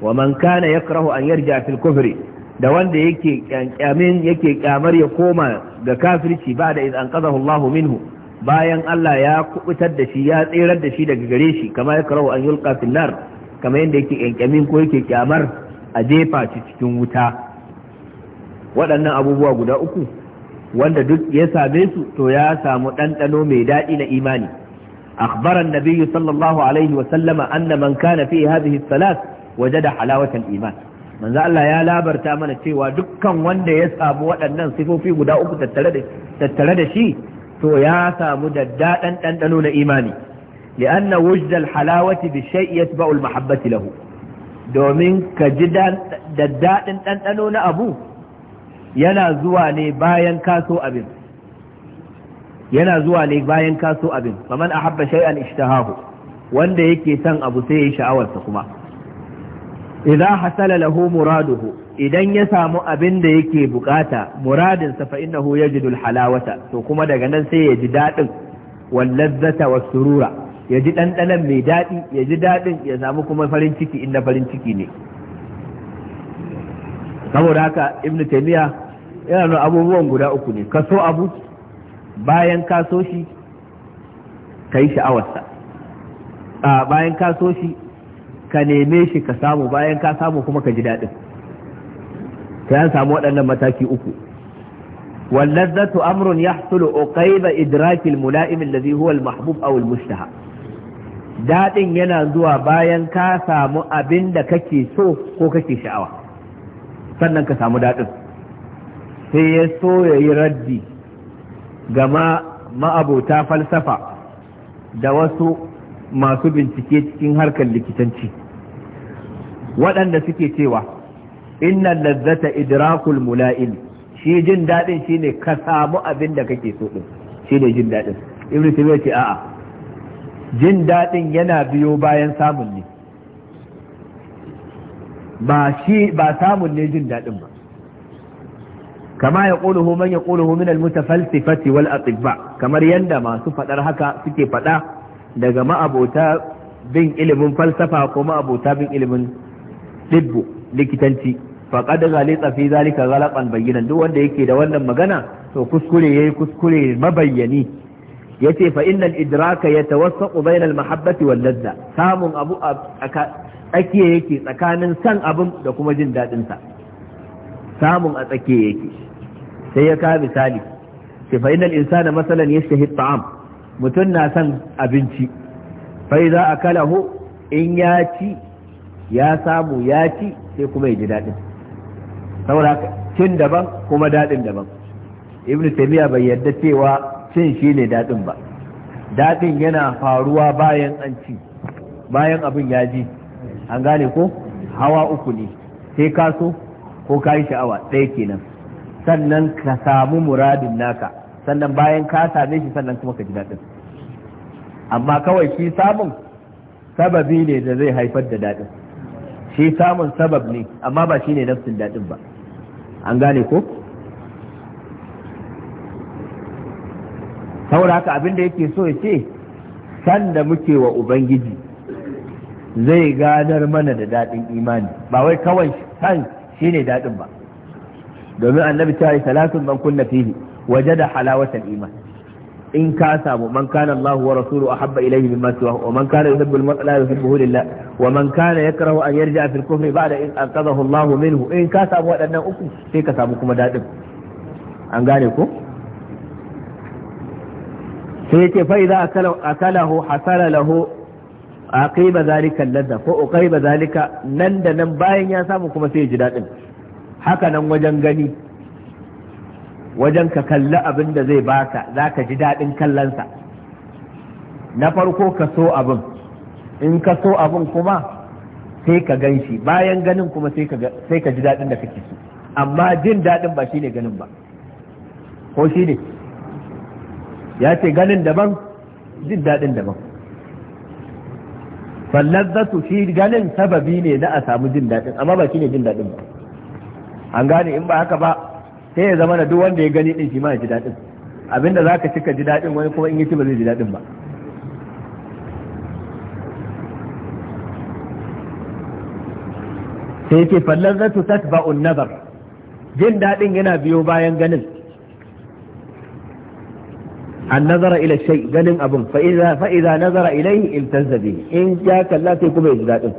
wa man kana an yarja fil kufri da wanda yake kyamin yake kyamar ya koma ga kafirci ba da idan qadahu Allahu minhu bayan Allah ya kubutar da shi ya tserar da shi daga gare shi kama yakrahu an yulqa fil nar kamar yadda yake ƙyanƙyamin ko yake kyamar a jefa shi cikin wuta waɗannan abubuwa guda uku wanda duk ya same su to ya samu ɗanɗano mai daɗi na imani akhbaran nabiyyu sallallahu alaihi wa sallama anna man kana fi hadhihi salat wajada iman manzo Allah ya labarta mana cewa dukkan wanda ya samu waɗannan sifofi guda uku tattare da shi to ya samu daddaɗan ɗanɗano na imani li'anna wujda al-halawati bi shay'in yatba'u al lahu domin ka ji daɗin ɗanɗano na abu yana zuwa ne bayan kaso abin yana zuwa ne bayan kaso abin faman ahabba shay'an ishtahahu wanda yake son abu sai yayi sha'awarsa kuma idza hasala lahu muraduhu idan ya samu abin da yake bukata muradin sa fa innahu yajidu halawata to kuma daga nan sai ya ji daɗin wal ladzata was surura ya ji ɗanɗanan mai daɗi ya ji daɗin ya samu kuma farin ciki inda farin ciki ne saboda haka ibnu taymiya yana nuna abubuwan guda uku ne ka so abu bayan ka so shi ka yi sha'awarsa bayan ka so shi ka neme shi ka samu bayan ka samu kuma ka ji daɗin ta yan samu waɗannan mataki uku واللذة أمر يحصل عقيب إدراك الملائم الذي هو المحبوب أو المشتهى daɗin yana zuwa bayan ka samu abin da kake so ko kake sha'awa sannan ka samu daɗin sai ya so ya yi raddi gama ma'abota falsafa da wasu masu bincike cikin harkar likitanci waɗanda suke cewa inna lazzata idrakul mula'il shi jin daɗin shine ka samu abin da kake so ɗin shi ne jin daɗin ibn ce a'a jin daɗin yana biyo bayan samun ne ba shi ba samun ne jin daɗin ba kama ya ƙuluhu man ya ƙuluhu min almutafalsifati wal atibba kamar yadda masu faɗar haka suke faɗa daga ma'abota bin ilimin falsafa ko ma'abota bin ilimin dibbu likitanci faqad zale tsafi zalika zalaɓan bayyanan duk wanda yake da wannan magana to kuskure ya yi kuskure mabayyani yace fa innal idraka yatawassaqu bayna al mahabbati wal ladda samun abu tsakiya yake tsakanin san abin da kuma jin dadin sa samun a tsakiya yake sai ya ka misali ce fa innal insana masalan yashtahi ta'am mutun na san abinci fa idza akalahu in ya ci ya samu ya ci sai kuma ya ji dadin saboda cin daban kuma dadin daban ibnu taymiya bai yarda cewa cin shi ne daɗin ba daɗin yana faruwa bayan an ci bayan abin ya ji an gane ko hawa uku ne sai ka so ko ka yi sha'awa ɗaya kenan sannan ka samu muradin naka sannan bayan ka same shi sannan kuma ka ji daɗin amma kawai shi samun sababi ne da zai haifar da daɗin shi samun sabab ne amma ba shi ne nafsin daɗin ba an gane ko saboda haka abin da yake so ya ce sanda muke wa ubangiji zai gadar mana da daɗin imani ba wai kawai shi ne daɗin ba domin annabi ta yi salatun man kunna fihi waje da halawatar iman in ka samu man kana Allah wa rasulu ahabba ilayhi mimma siwahu wa man kana yuhibbu al-mar'a yuhibbuhu lillah wa man kana yakrahu an yarji'a fil kufri ba'da in anqadhahu Allah minhu in ka samu waɗannan uku sai ka samu kuma daɗin an gane ko sai yace fa idza akalahu hasala lahu aqiba zalika ladda ko uqaiba zalika nan da nan bayan ya samu kuma sai ji dadin haka nan wajen gani wajen ka kalli abin da zai baka zaka ji dadin kallansa na farko ka so abin in ka so abin kuma sai ka gan shi bayan ganin kuma sai ka ji dadin da kake so amma jin dadin ba shine ganin ba ko shine ya ce ganin daban jin daɗin daban fallazzatu shi ganin sababi ne na a samu jin daɗin amma ba shine jin daɗin ba an gane in ba haka ba sai ya zama da duk wanda ya gani ɗin shi ma ya ji daɗin abinda za zaka cika ji daɗin wani kuma in yi ci ba zai ji daɗin ba sai ce fallazzatu tatba'un nazar jin daɗin yana biyo bayan ganin an nazara ila shai ganin abin fa'iza nazara ilai in bihi in ya kalla sai kuma ji daɗin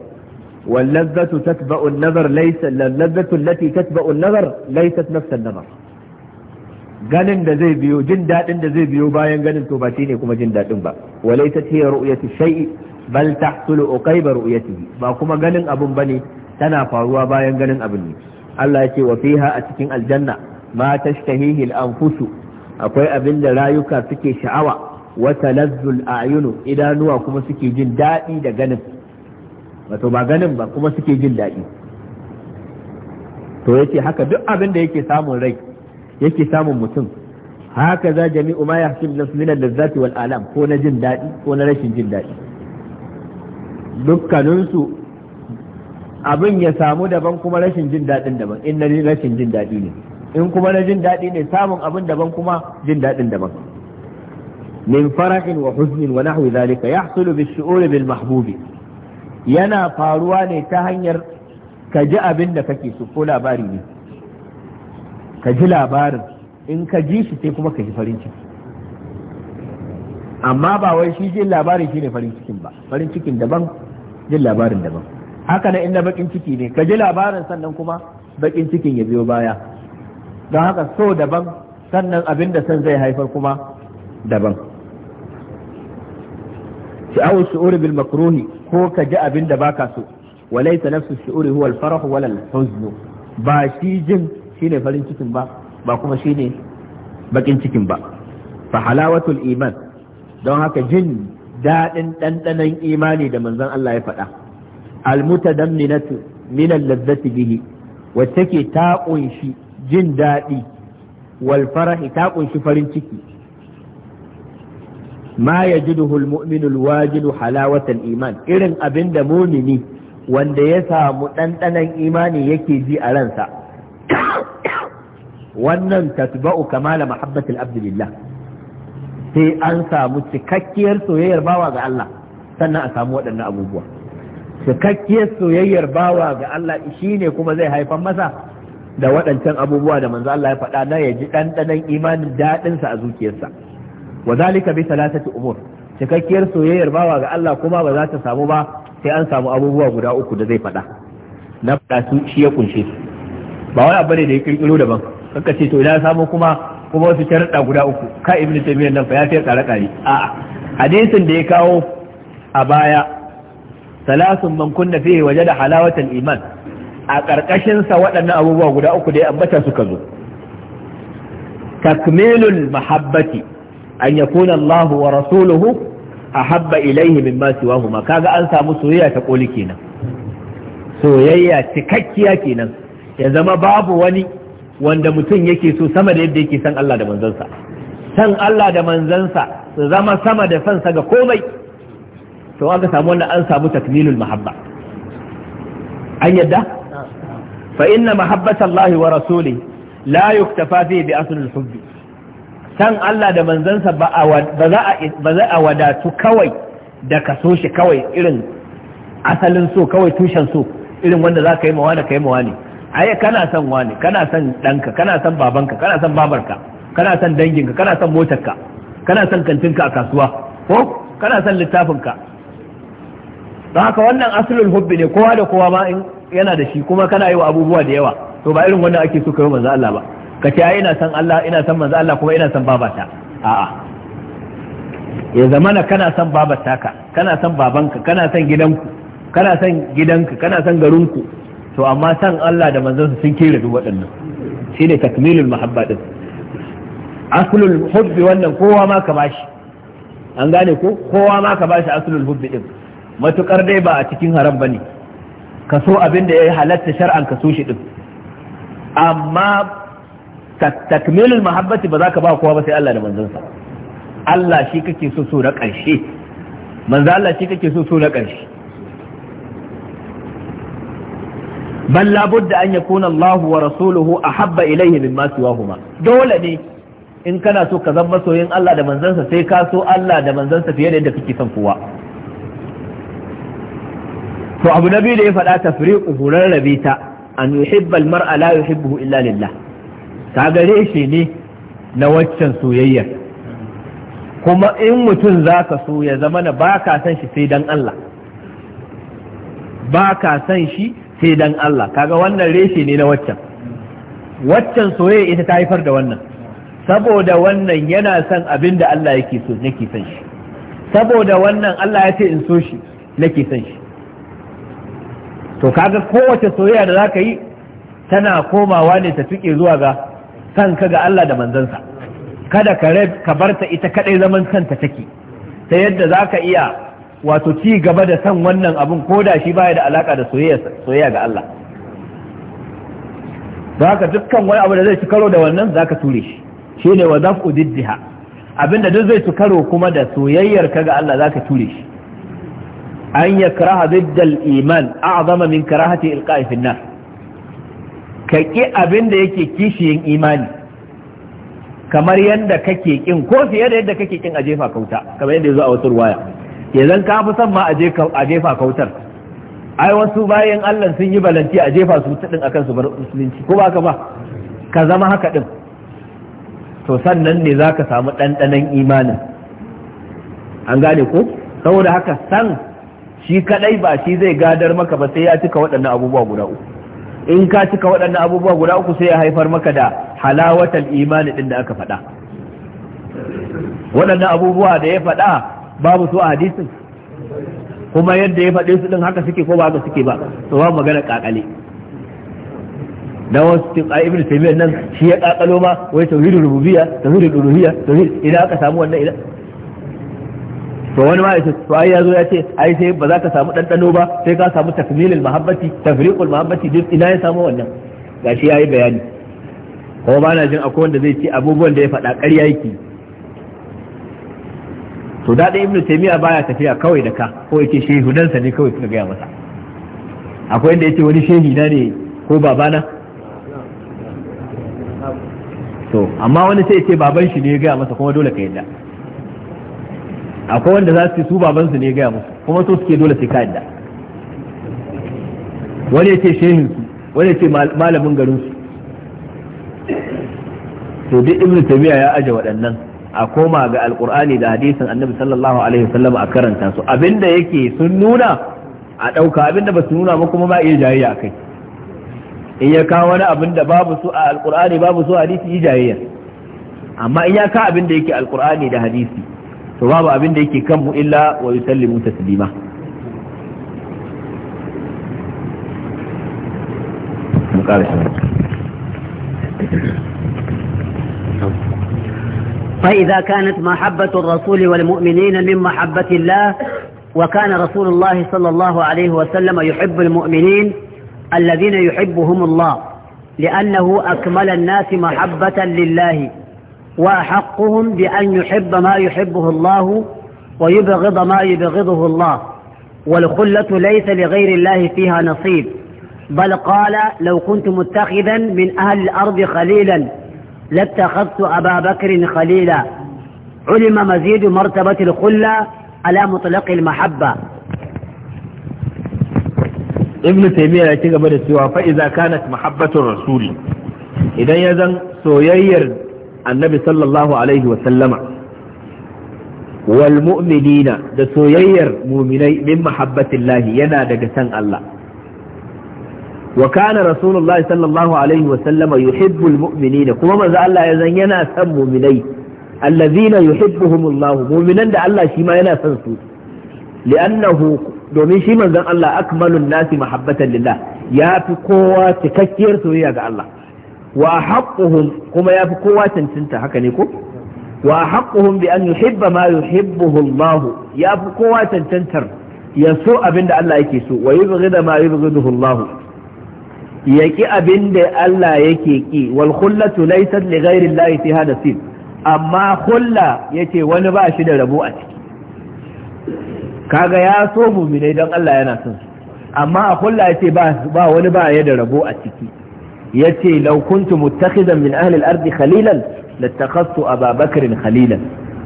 wal ladzatu tatba'u an nazar laysa lal ladzatu allati tatba'u nazar laysat nafs nazar ganin da zai biyo jin daɗin da zai biyo bayan ganin to ba shine kuma jin daɗin ba walaysat hiya ru'yatu shay'i bal tahsulu uqayba ru'yatihi ba kuma ganin abin bane tana faruwa bayan ganin abin ne Allah ya ce wa fiha a cikin aljanna ma tashtahihi al-anfusu akwai abin da rayuka suke sha'awa wata lazzul ayunu idanuwa kuma suke jin daɗi da ganin wato ba ganin ba kuma suke jin daɗi to yake haka duk abin da yake samun rai yake samun mutum haka za jami'u ma yahsib nafsu min al-lazzati wal alam ko na jin daɗi ko na rashin jin daɗi dukkaninsu abin ya samu daban kuma rashin jin daɗin daban in na rashin jin daɗi ne in kuma na jin daɗi ne samun abin daban kuma jin daɗin daban min farahin wa huznin wa nahwi zalika yahsulu bi shu'uri bil mahbubi yana faruwa ne ta hanyar ka ji abin da kake so ko labari ne ka ji labarin in ka ji shi sai kuma ka ji farin ciki amma ba wai shi jin labarin shine farin cikin ba farin cikin daban jin labarin daban haka na inda bakin ciki ne ka ji labarin sannan kuma bakin cikin ya biyo baya don haka so daban sannan abin da san zai haifar kuma daban sha'awar shu'uri bil makruhi ko ka ji abin da baka so walaysa nafsu shu'uri huwa farahu wala al ba shi jin shine farin cikin ba ba kuma shine bakin cikin ba fa halawatul iman don haka jin daɗin ɗanɗanan imani da manzon Allah ya faɗa al mutadamminatu min al ladzati bihi wacce ke ta kunshi jin daɗi wal farahi farin ciki ma yajiduhu al-mu'minu al-wajidu halawatal iman irin abinda mumini wanda ya samu ɗanɗanon imani yake ji a ransa *coughs* wannan tatba'u kamala mahabbatul abdulillah sai an samu cikakkiyar soyayyar bawa ga Allah sannan a samu waɗannan abubuwa cikakkiyar soyayyar bawa ga Allah ne kuma zai haifar masa da waɗancan abubuwa da manzo Allah ya faɗa na ya ji ɗanɗanon imanin daɗinsa a zuciyarsa wa zalika bi salatati umur cikakkiyar soyayyar bawa ga Allah kuma ba za ta samu ba sai an samu abubuwa guda uku da zai faɗa na faɗa su shi ya kunshe su ba wani abu ne da ya kirkiro daban kanka ce to idan samu kuma kuma wasu da guda uku ka ibnu taymiyyah nan fa ya fi kare kare a'a hadisin da ya kawo a baya salasun man kunna fihi wajada halawatan iman a ƙarƙashinsa waɗannan abubuwa guda uku dai ambata suka zo takmilul mahabbati an yakuna Allah wa rasuluhu ahabba ilaihi mimma siwahuma kaga an samu soyayya ta koli kenan soyayya cikakkiya kenan ya zama babu wani wanda mutum yake so sama da yadda yake san Allah da manzansa san Allah da manzansa su zama sama da sansa ga komai to aka samu wannan an samu takmilul mahabba an yadda fa inna mahabbatallahi wa rasuli la yuktafa fi bi hubbi san Allah da manzansa ba za a wadatu kawai da ka shi kawai irin asalin so kawai tushen so irin wanda za ka yi mawa da ka yi mawa ne ai kana son wani kana son ɗanka kana son babanka kana son babarka kana son danginka kana son motarka kana son kantinka a kasuwa ko kana son littafinka don haka wannan asalin hubbi ne kowa da kowa ma in yana da shi kuma kana yi wa abubuwa da yawa to ba irin wannan ake so kai manzo Allah ba ka ce ai ina san Allah ina san manzo Allah kuma ina san babata a'a ya zamana kana san babata ka kana san babanka kana san gidanku kana san gidanka kana san garinku to amma san Allah da manzon sun kira duk waɗannan shine takmilul mahabba din aslul hubbi wannan kowa ma ka bashi an gane ko kowa ma ka bashi aslul hubbi din matukar dai ba a cikin haram bane ka so abin da ya halatta shar'an ka so shi din amma takmilul mahabbati ba za ka ba kowa ba sai Allah da manzansa Allah shi kake so so na ƙarshe manzo Allah shi kake so so na ƙarshe bal labudda an yakuna Allahu wa rasuluhu ahabba ilayhi mimma siwahuma dole ne in kana so ka zama soyin Allah da manzansa sai ka so Allah da manzansa fiye da yadda kake son kowa to abu na biyu da ya faɗa tafriqu hurar rabe ta an yuhibba almar'a la yuhibbuhu illa lillah Ka gare shi ne na waccan soyayyar kuma in mutum za ka so ya zama na ba ka san shi sai dan Allah ba ka san shi sai dan Allah kaga wannan reshe ne na waccan waccan soyayya ita ta haifar da wannan saboda wannan yana son abin da Allah yake so nake son shi saboda wannan Allah ya ce in so shi nake son shi to kaga kowace soyayya da zaka yi tana komawa ne ta tuke zuwa ga kanka ga Allah da manzansa kada ka ka barta ita kadai zaman kanta take ta yadda zaka iya wato ci gaba da san wannan abun ko shi baya da alaka da soyayya ga Allah zaka dukkan wani abu da zai ci karo da wannan zaka ture shi shine wa zafu diddiha abinda duk zai ci karo kuma da soyayyar ka ga Allah zaka ture shi an ya yakraha diddal iman a'zama min karahati ilqa'i fi ka ƙi abin da yake kishiyin imani kamar yadda kake ƙin ko fiye da yadda kake ƙin a jefa kauta kamar yadda ya zo a wasu ruwaya zan ka fi son ma a jefa kautar ai wasu bayan Allah sun yi balanci a jefa su ta a kansu bar musulunci ko ba ka ba ka zama haka ɗin to sannan ne za ka samu ɗanɗanan imanin an gane ko saboda haka san shi kadai ba shi zai gadar maka ba sai ya cika waɗannan abubuwa guda uku in ka cika waɗannan abubuwa guda uku sai ya haifar maka da halawatan imani din da aka faɗa waɗannan abubuwa da ya faɗa babu su a hadisin kuma yadda ya faɗe su ɗin haka suke ko ba haka suke ba to ba magana ƙaƙale, na wasu a ibn taymiyyah nan shi ya kakalo ma wai tauhidul rububiyya tauhidul uluhiyya tauhid idan aka samu wannan idan to wani ma yace to ai yazo ya ce ai sai ba za ka samu dandano ba sai ka samu takmilul mahabbati tafriqul mahabbati duk ina ya samu wannan gashi yayi bayani ko ba na jin akwai wanda zai ce abubuwan da ya faɗa ƙarya yake to da ibn taymiya baya tafiya kawai da ka ko yake shehu dan sa ne kawai suka gaya masa akwai wanda yace wani shehi na ne ko babana to amma wani sai ya ce baban shi ne ya gaya masa kuma dole ka yadda akwai wanda za su su babansu ne gaya musu kuma so suke dole sai ka yadda wani ya ce shehin su wani ya ce malamin garin su to duk ibn tabiya ya aje waɗannan a koma ga alkur'ani da hadisin annabi sallallahu alaihi wasallam a karanta su abinda yake sun nuna a ɗauka abinda ba su nuna ba kuma ba iya jayayya a kai in ya kawo wani abin da babu su a alkur'ani babu su hadisi yi jayayya amma in ya kawo abin da yake alkur'ani da hadisi to babu abin da yake kanmu illa wa yusallimu taslima فإذا كانت محبة الرسول والمؤمنين من محبة الله وكان رسول الله صلى الله عليه وسلم يحب المؤمنين الذين يحبهم الله لأنه أكمل الناس محبة لله وأحقهم بأن يحب ما يحبه الله ويبغض ما يبغضه الله والخلة ليس لغير الله فيها نصيب بل قال لو كنت متخذا من أهل الأرض خليلا لاتخذت أبا بكر خليلا علم مزيد مرتبة الخلة على مطلق المحبة ابن تيمية يتقبل السواء فإذا كانت محبة الرسول إذا يزن سوير annabi sallallahu alaihi wasallama wal mu'minina da soyayyar muminai min mahabbatillahi yana daga san Allah wa kana rasulullahi sallallahu alaihi wasallama yuhibbul mu'minina kuma manzo Allah ya zan yana san muminai allazina yuhibbuhumullahu muminan da Allah shi ma yana san su li'annahu domin shi manzon Allah akmalun nasi mahabbatan lillah ya fi kowa cikakkiyar soyayya ga Allah wa haƙuhun kuma ya fi kowa cancanta haka ne ko wa haƙuhun bi an yuhibba ma yuhibbuhu Allah fi kowa cancantar ya so abinda Allah yake so wa yubghida ma yubghiduhu Allah ya ki abinda Allah yake ki wal khullatu laysat li ghayri Allah fi hada sin amma khulla yace wani ba shi da rabo a ciki kaga ya so mu'minai dan Allah yana son amma a khulla yace ba wani ba ya da rabo a ciki yace law kuntu muttakhidan min ahli al-ardi khalilan lattakhadtu Aba Bakr khalilan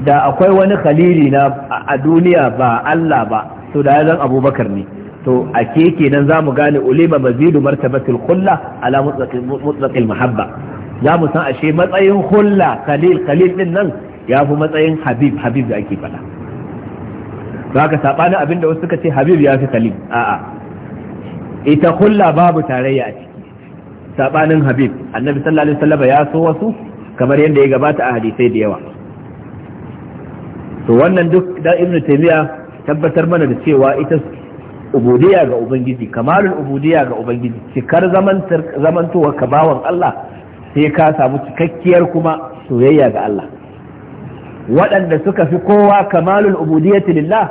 da akwai wani khalili na a duniya ba Allah ba to da ya zan Abubakar ne to a ke kenan zamu gane ulima mazidu martabatul khulla ala mutlaqil mahabba za mu san ashe matsayin hulla khalil khalil din nan ya fi matsayin habib habib da ake faɗa to haka sabanin abinda wasu suka ce habib ya fi khalil a'a ita hulla babu tarayya a sabanin habib annabi sallallahu alaihi wasallam ya so wasu kamar yadda ya gabata a hadisai da yawa to wannan duk da ibnu taymiya tabbatar mana da cewa ita ubudiyya ga ubangiji kamalul ubudiyya ga ubangiji cikar zaman zamantowa ka bawan Allah sai ka samu cikakkiyar kuma soyayya ga Allah waɗanda suka fi kowa kamalul ubudiyyati lillah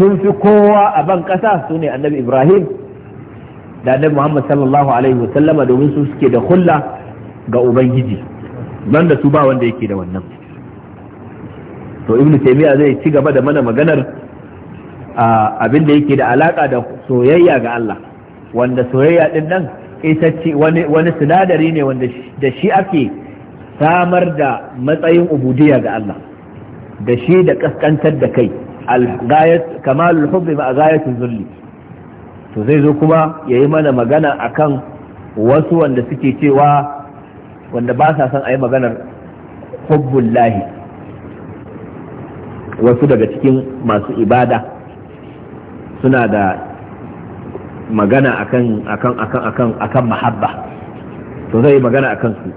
sun fi kowa a ban ƙasa su ne annabi ibrahim da annabi Muhammad sallallahu alaihi sallama domin su suke da hulla ga ubangiji ban da su ba wanda yake da wannan to ibnu taymiya zai ci gaba da mana maganar abin da yake da alaka da soyayya ga Allah wanda soyayya din nan ita ce wani sinadari ne wanda da shi ake samar da matsayin ubudiyya ga Allah da shi da kaskantar da kai al kamalul hubbi ma gayatul zulli to zai zo kuma ya yi mana magana a kan wasu wanda suke cewa wanda ba sa son a yi maganar hubbullahi wasu daga cikin masu ibada suna da magana akan akan akan akan akan mahabba to zai yi magana akan su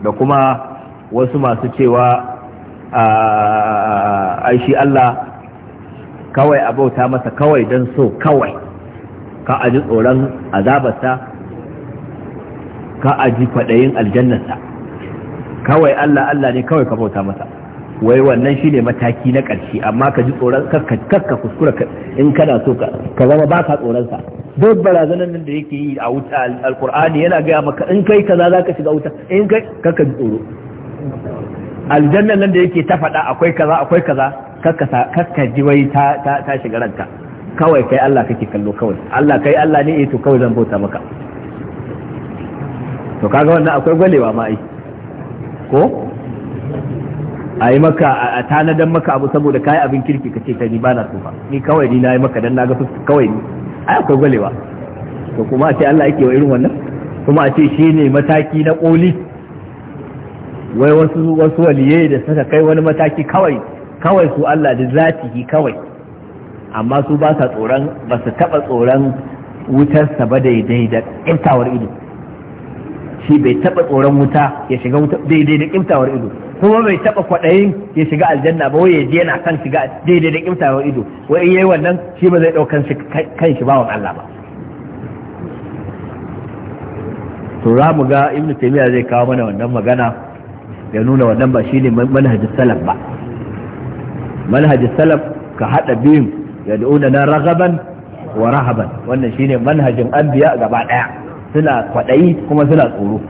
da kuma wasu masu cewa ai shi Allah kawai abauta masa kawai don so kawai ka a ji tsoron azabarsa ka a ji kwaɗayin aljannarsa kawai Allah Allah ne kawai ka bauta masa wai wannan shine mataki na ƙarshe amma ka ji tsoron kakka kuskura in kana so ka zama ba ka tsoronsa duk barazanar nan da yake yi a wuta alkur'ani yana gaya maka in kai kaza za ka shiga wuta in kai kakka ji tsoro aljannan nan da yake ta faɗa akwai kaza akwai kaza kakka ji wai ta shiga ranka kawai kai Allah kake kallo kawai Allah kai Allah ne eh to kawai zan bauta maka to kaga wannan akwai gwalewa ma ai ko a yi maka a tanadan maka abu saboda kai abin kirki kace ta ni bana so fa, ni kawai ni nayi maka dan naga fuska kawai ni ai akwai gwalewa to kuma a ce Allah yake wa irin wannan kuma a ce shi ne mataki na koli wai wasu wasu waliyai da suka kai wani mataki kawai kawai su Allah da zatihi kawai amma su ba sa tsoron ba su taba tsoron wutar sa ba daidai da kimtawar ido shi bai taba tsoron wuta ya shiga wuta daidai da kimtawar ido kuma bai taba kwaɗayin ya shiga aljanna ba waye ya je yana kan shiga daidai da kimtawar ido wai in yayi wannan shi ba zai ɗaukan kan shi wa Allah ba to za mu ga ibnu taymiya zai kawo mana wannan magana ya nuna wannan ba shine manhajin salaf ba manhajin salaf ka hada biyun na ragaban wa rahaban wannan shine manhajin anbiya gaba daya suna kwadayi kuma suna tsoro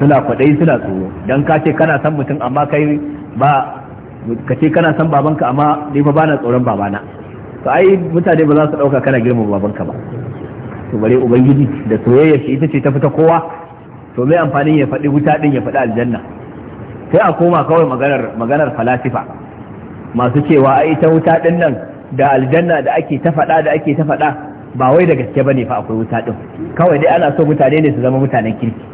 suna kwadayi suna tsoro dan ka ce kana san mutum amma kai ba ka ce kana san babanka amma ni fa bana tsoron babana to ai mutane ba za su dauka kana girmama babanka ba to bare ubangiji da soyayya shi ita ce ta fita kowa to mai amfanin ya faɗi wuta din ya faɗi aljanna sai a koma kawai maganar maganar falasifa masu cewa a ita wuta ɗin nan da aljanna da ake ta faɗa da ake ta faɗa ba wai da gaske bane fa akwai wuta ɗin kawai dai ana so mutane ne su zama mutanen kirki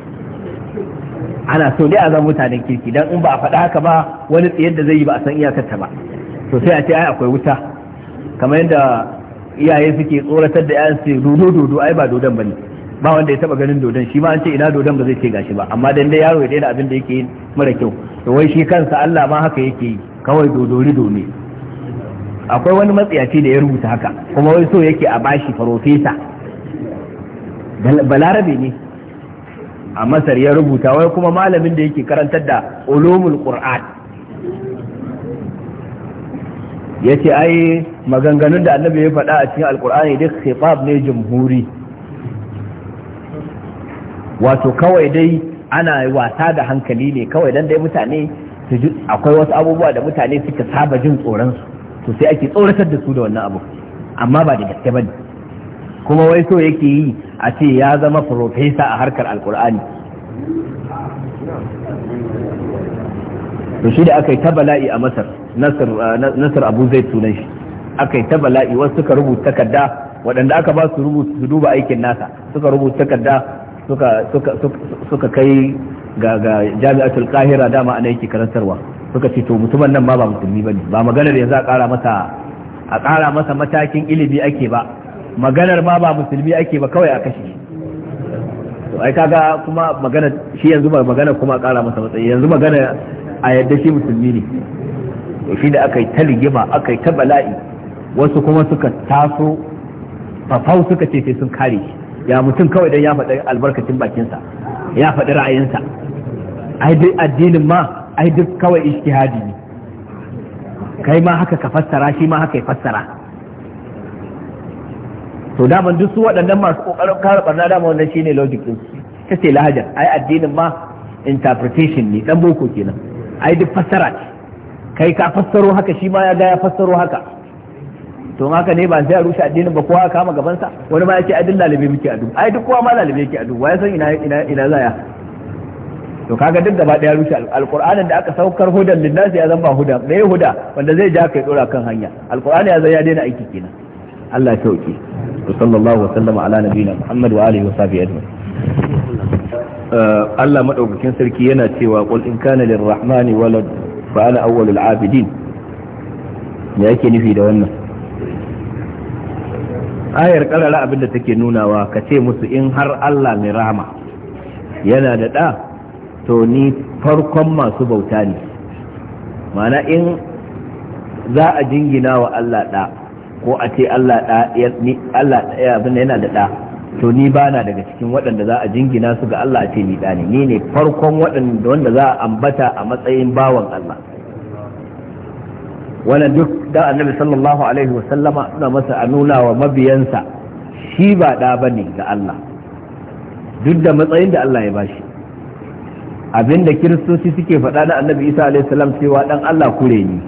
ana so dai a zama mutanen kirki dan in ba a faɗa haka ba wani tsayar da zai yi ba a san iyakar ta ba to sai a ce ai akwai wuta kamar yadda iyaye suke tsoratar da yayan su dodo dodo ai ba dodon bane ba wanda ya taba ganin dodon shi ma an ce ina dodon ba zai ce gashi ba amma dan dai yaro ya daina abin da yake mara kyau to wai shi kansa Allah ma haka yake yi kawai dodori dole akwai wani matsiyaci da ya rubuta haka kuma wai so yake a bashi farofesa balarabe ne a masar ya rubuta wai kuma malamin da yake karantar da ulumul qur'an ya ce ai maganganun da annabi ya faɗa a cikin alkur'ani duk khitab ne jamhuri wato kawai dai ana wasa da hankali ne kawai dan dai mutane akwai wasu abubuwa da mutane suka saba jin tsoron su to sai ake tsoratar da su da wannan abu amma ba da gaske bane kuma wai so yake yi a ce ya zama profesa a harkar alkur'ani to shi da aka yi ta a masar abu zai sunan shi aka yi ta wasu suka rubuta takarda waɗanda aka ba su rubuta su duba aikin nasa suka rubuta takarda suka kai ga jami'atul qahira dama ana yake karantarwa suka ce to mutumin nan ma ba musulmi ne ba maganar yanzu a ƙara masa a ƙara masa matakin ilimi ake ba maganar ma ba musulmi ake ba kawai a kashe to ai kaga kuma magana shi yanzu ba magana kuma a ƙara masa matsayi yanzu magana a yadda shi musulmi ne to shi da aka yi ta rigima aka yi ta bala'i wasu kuma suka taso fafau suka ce sai sun kare ya mutum kawai dan ya faɗi albarkacin bakinsa ya faɗi ra'ayinsa ai duk addinin ma ai duk kawai ijtihadi ne kai ma haka ka fassara shi ma haka ya fassara to daman duk su waɗannan masu ƙoƙarin kare barna dama wannan shine logic din ta ce lahajar ai addinin ma interpretation ne dan boko kenan ai duk fassara ce kai ka fassaro haka shi ma ya ga ya fassaro haka to haka ne ba sai a rushe addinin ba kowa kama gabansa wani ma ya ce ai duk lalibe muke a duk ai duk kowa ma lalibe yake a duk wa ya san ina ina ina zaya to kaga duk gaba daya rushe alqur'anin da aka saukar hudan linnasi ya zama huda me huda wanda zai ja kai dora kan hanya alqur'ani ya zai ya daina aiki kenan Allah ya sauke to sallallahu wa sallam ala nabiyina muhammad wa alihi wa sahbihi ajma'in uh, Allah madaukakin sarki yana cewa qul in kana lirrahmani walad fa ana awwalul abidin me yake nufi da wannan ayar karara abinda take nunawa ka ce musu in har Allah mai rahama yana da ɗa to ni farkon masu bauta ne mana in za a jingina wa Allah ɗa ko a ce Allah ɗa yana da ɗa to ni bana daga cikin waɗanda za a jingina su ga Allah a ce ni ɗa ne ni ne farkon waɗanda wanda za a ambata a matsayin bawan Allah wani duk da annabi sallallahu alaihi wasallama suna masa a nuna wa mabiyansa shi ba ɗa ba ne ga Allah duk da matsayin da Allah ya bashi Abin da kiristoci suke faɗa da annabi isa alaihi salam cewa dan Allah kure ne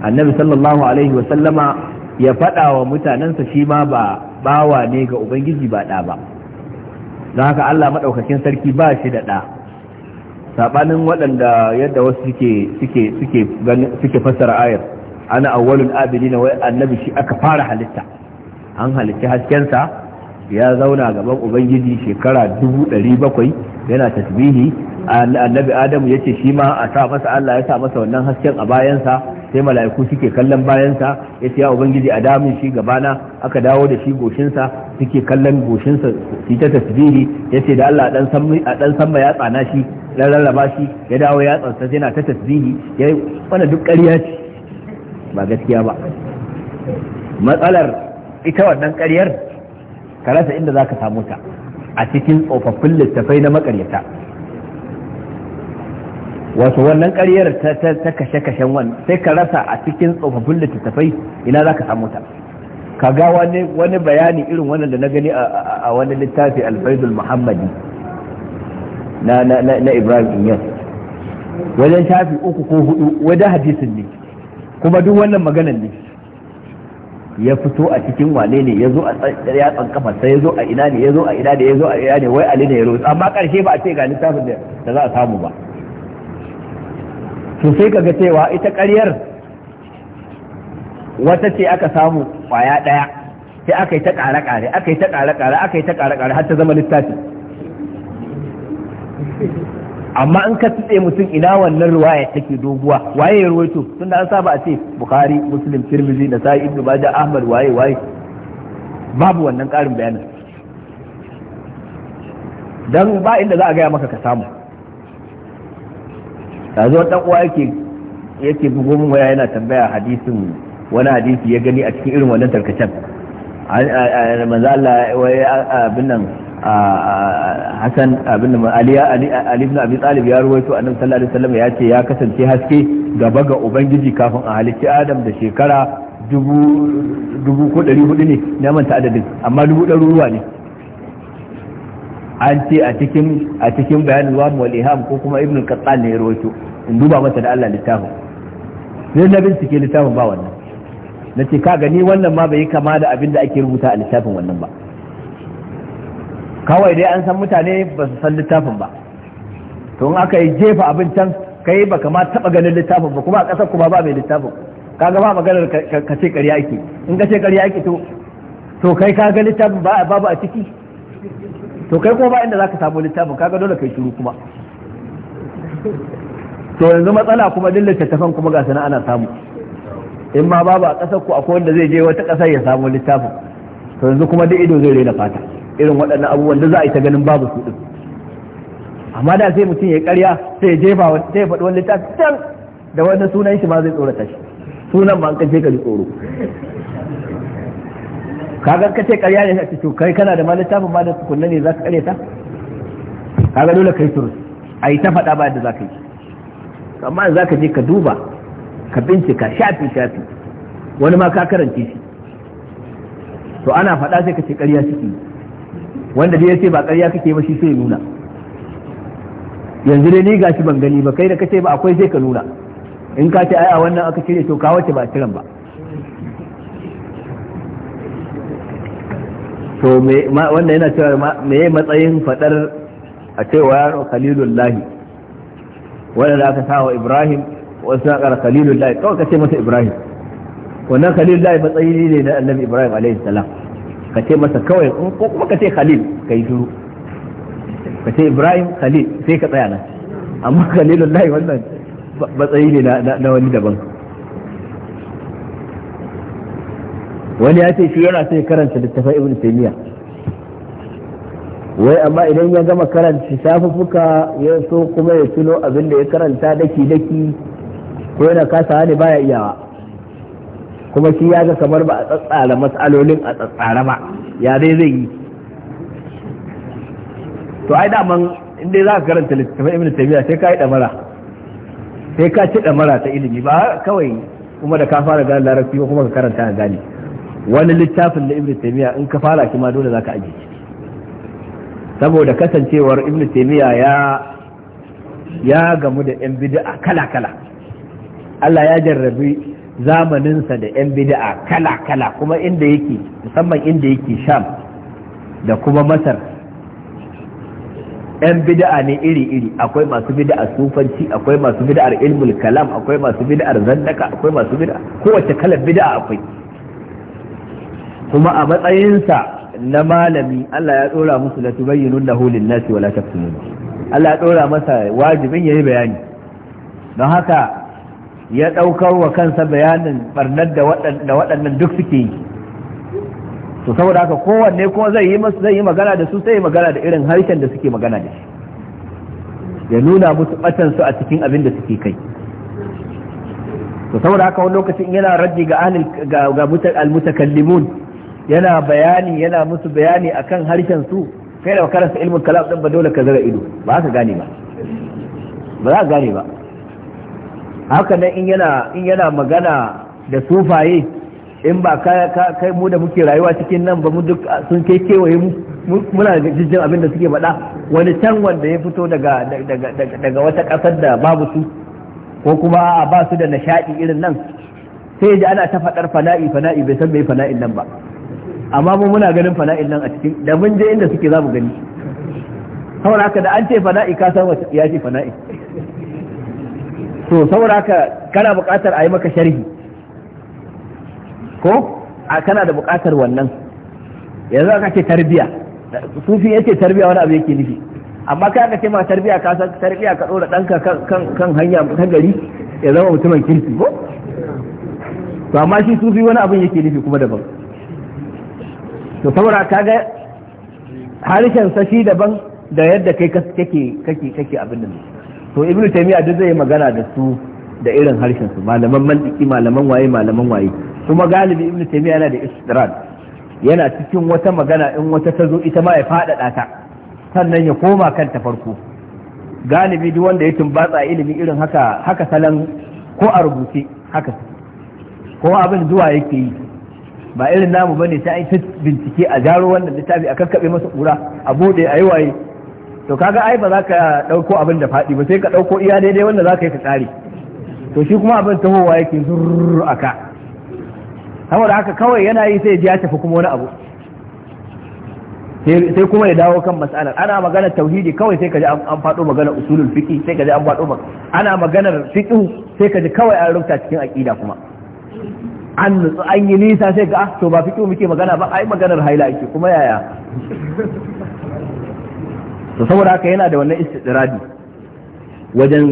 annabi sallallahu alaihi wa sallama ya faɗa wa mutanensa shi ma ba bawa ne ga ubangiji ba ɗa ba don haka Allah maɗaukakin sarki ba shi da ɗa saɓanin waɗanda yadda wasu suke suke suke fassara ayar ana awwalul abidin wa annabi shi aka fara halitta an halitta haskensa ya zauna gaban ubangiji shekara dubu ɗari bakwai yana tasbihi annabi adamu ya ce shi ma a sa masa allah ya sa masa wannan hasken a bayansa sai mala'iku suke kallon bayansa ya ce ya ubangiji a damun shi gabana aka dawo da shi goshinsa suke kallon goshinsa su ta tasbihi ya ce da allah a ɗan samba ya tsana shi ɗan rarraba shi ya dawo ya tsansa yana ta tasbihi ya yi wani duk ƙarya ce ba gaskiya ba matsalar ita wannan ƙaryar ka rasa inda za ka samu ta a cikin tsofaffin littafai na makaryata Wasu wannan karyar ta kashe-kashen wani sai ka rasa a cikin tsofaffin littattafai ina za ka samu ta ka ga wani bayani irin wannan da na gani a wani littafi alfaidul muhammadi na ibrahim inyas wajen shafi uku ko hudu wajen hadisin ne kuma duk wannan maganan ne ya fito a cikin wane ne ya zo a ya tsankafa sai ya zo a ina ne ya zo a ina ne ya zo a ina ne wai ali ne ya rosu amma karshe ba a ce ga littafin da za a samu ba to sai kaga cewa ita ƙaryar wata ce aka samu kwaya ɗaya sai aka yi ta ƙare-ƙare aka yi ta ƙare-ƙare aka yi ta ƙare-ƙare har ta zama littafi amma in ka tsitse mutum ina wannan ruwaya take doguwa waye ya ruwaito tunda an saba a ce bukhari muslim tirmidhi da sa'i ibnu majah ahmad waye waye babu wannan karin bayanin dan ba inda za a gaya maka ka samu yanzu dan uwa yake yake bugo mun waya yana tambaya hadisin wani hadisi ya gani a cikin irin wannan tarkacen manzo Allah wai abin nan Hassan abin da Ali Ali ibn Abi Talib ya ruwaito annabi sallallahu alaihi wasallam ya ce ya kasance haske gaba ga ubangiji kafin a halicci Adam da shekara dubu ko dari hudu ne na manta adadin amma dubu ɗaruruwa ne an ce a cikin a cikin bayanin wa wal iham ko kuma ibn qattan ne ya rawaito in duba masa da Allah littafin sai na bincike littafin ba wannan nace ka gani wannan ma bai kama da abin da ake rubuta a littafin wannan ba kawai dai an san mutane ba su san littafin ba to in aka yi jefa abin can kai ba kama taba ganin littafin ba kuma a ƙasar kuma ba mai littafin Ka ga ba maganar ka ce ƙarya ake in ka ce ƙarya ake to to kai ka ga littafin ba babu a ciki to kai kuma ba inda zaka samu littafin ka ga dole kai shiru kuma to yanzu matsala kuma duk littattafan kuma ga sana ana samu in ma babu a ƙasar ku akwai wanda zai je wata ƙasar ya samu littafin to yanzu kuma duk ido zai rena fata irin waɗannan abubuwan da za a yi ta ganin babu su ɗin amma da sai mutum ya karya sai ya jefa sai ya faɗi wani littafi da wani sunan shi ma zai tsorata shi sunan ma an kace ka ji tsoro kaga ka ce karya ne a cikin kai kana da ma littafin ma da tukunna ne za ka karya ta kaga dole kai turus a yi ta faɗa ba da za ka yi amma za ka je ka duba ka bincika shafi shafi wani ma ka karance shi to ana faɗa sai ka ce karya ciki wanda dai yace ba ƙarya kake ba shi sai nuna yanzu dai ni gashi ban gani ba kai da kace ba akwai sai ka nuna in ka ce ai a wannan aka kire to ka wace ba kiran ba to wannan yana cewa me matsayin fadar a cewa yaro khalilullahi wanda aka wa ibrahim wasu na kara to kawai kace masa ibrahim wannan khalilullah matsayi ne na annabi ibrahim alaihi salam ka ce masa kawai ko kuma ka ce khalil ka yi ka ce ibrahim khalil sai ka tsaya nan amma *laughs* khalilullahi wannan matsayi ne na wani daban wani ya ce shi yana sai karanta littafin ibn taymiya wai amma idan ya gama karanta shafuffuka ya so kuma ya tuno abin da ya karanta daki daki ko yana kasa hali baya iyawa kuma shi ya ga kamar ba a tsatsara matsalolin a tsatsara ba ya dai zai yi to ai da man inda za ka karanta littattafan ibn taymiya sai ka yi damara sai ka ci damara ta ilimi ba kawai kuma da ka fara gane larabci ko kuma ka karanta ka gane wani littafin da ibn taymiya in ka fara kima dole za ka aje saboda kasancewar ibn taymiya ya ya gamu da yan bid'a kala kala Allah ya jarrabi zamaninsa da 'yan bida'a kala-kala kuma inda yake musamman inda yake sham da kuma masar 'yan bida'a ne iri-iri akwai masu bida'a sufanci akwai masu bida'ar ilmul kalam akwai masu bida'ar zandaka akwai masu bida'a kowace kalar bida'a akwai kuma a matsayinsa na malami Allah ya dora musu la tubayyinun lahu lin-nasi wala taktumun Allah ya dora masa wajibin yayi bayani don haka ya ɗaukar wa kansa bayanin barnar da waɗannan duk suke yi to saboda haka kowanne kuma zai yi masu zai yi magana da su sai yi magana da irin harshen da suke magana da shi ya nuna musu batan su a cikin abin da suke kai to saboda haka wani lokacin yana raddi ga ahlul ga ga almutakallimun yana bayani yana musu bayani akan harshen su kai da karanta ilmin kalam din ba dole ka zara ido ba ka gane ba ba za ka gane ba haka nan in yana in yana magana da sufaye in ba kai mu da muke rayuwa cikin nan ba mu duk sun kai kewaye mu muna jijjin abin da suke faɗa wani can wanda ya fito daga daga wata ƙasar da babu su ko kuma ba su da nishaɗi irin nan sai da ana ta faɗar fana'i fana'i bai san me fana'in nan ba amma mu muna ganin fana'in nan a cikin da mun je inda suke za mu gani saboda haka da an ce fana'i ka san ya ce fana'i to saboda haka kana buƙatar a yi maka sharhi ko a kana da buƙatar wannan yanzu aka ce tarbiya sufi yake tarbiya wani abu yake nufi amma kai aka ce ma tarbiya ka san tarbiya ka dora danka kan kan hanya ta gari ya zama mutumin kirki ko to amma shi sufi wani abu yake nufi kuma daban to saboda kaga harshen sashi daban da yadda kai kake kake kake abin nan to ibn taymiya duk zai magana da su da irin harshen su malaman mantiki malaman waye malaman waye kuma galibi ibn taymiya yana da istidrad yana cikin wata magana in wata ta ita ma ya faɗaɗa ta sannan ya koma kan ta farko galibi duk wanda ya tumbatsa ilimi irin haka haka salon ko a rubuce haka ko abin zuwa yake yi ba irin namu bane sai an bincike a jaro wannan littafi a kakkaɓe masa kura a bude a yi waye to kaga ai ba za ka ɗauko abin da faɗi ba sai ka ɗauko iya daidai wanda za ka yi ka tsari to shi kuma abin tahowa yake zurr a ka saboda haka kawai yana yi sai ya tafi kuma wani abu sai kuma ya dawo kan masalar ana maganar tauhidi kawai sai ka ji an faɗo maganar usulul fiqi sai ka ji an faɗo ana maganar fiqh sai ka ji kawai an rubuta cikin aqida kuma an nutsu an yi nisa sai ga ah, to ba fiqh muke magana ba ai maganar haila ake kuma yaya to saboda haka yana da wannan istidradi wajen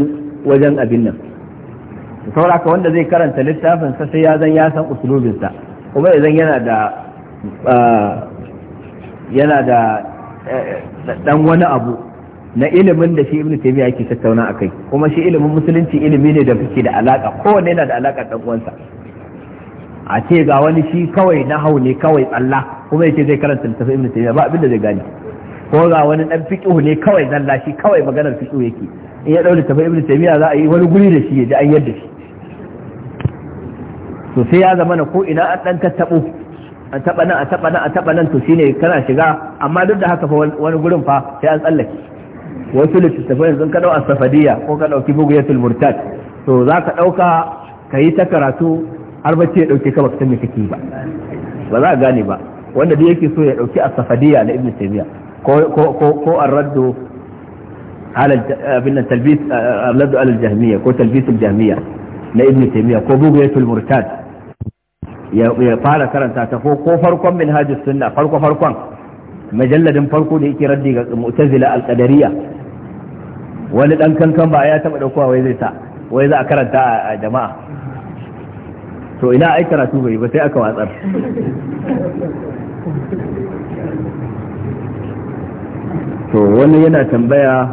wajen abin nan to saboda haka wanda zai karanta littafin sa sai ya zan ya san usulubin sa kuma idan yana da yana da eh, dan wani abu na ilimin da shi ibnu taymiya yake tattauna akai kuma shi ilimin musulunci ilimi ne da fike da alaka kowanne yana da alaka dan uwansa a ce ga wani shi kawai na hau ne kawai tsalla kuma yace zai karanta littafin ibnu taymiya ba abin da zai gane ko ga wani dan fiqh ne kawai zalla shi kawai maganar fiqh yake in ya daure tafi ibnu taymiya za a yi wani guri da shi ya ji an yadda shi to sai ya zama na ko ina an dan tattabo a taba nan a taba nan a taba nan to shine kana shiga amma duk da haka fa wani gurin fa sai an tsallake wasu littattafai yanzu ka dau as-safadiyya ko ka dauki bugiyatul murtad to za ka dauka ka yi ta karatu har bacci ya dauke ka baka san me kake ba ba za ka gane ba wanda duk yake so ya dauki as-safadiyya na ibnu taymiya كو كو كو الرد على ابن التلبيس آه، آه، الرد على الجهميه كو تلبيس الجهميه لابن تيميه كو بوغيت المرتاد يا يا فارا كرنتا تفو كو فرقم من هذه السنه فرق فرقم مجلد فرق دي كي ردي المعتزله القدريه ولا دان كان كان با يا تبا دوكوا وي زيتا وي زا كرنتا آه، جماعه تو ina ai karatu bai ba sai aka to wani yana tambaya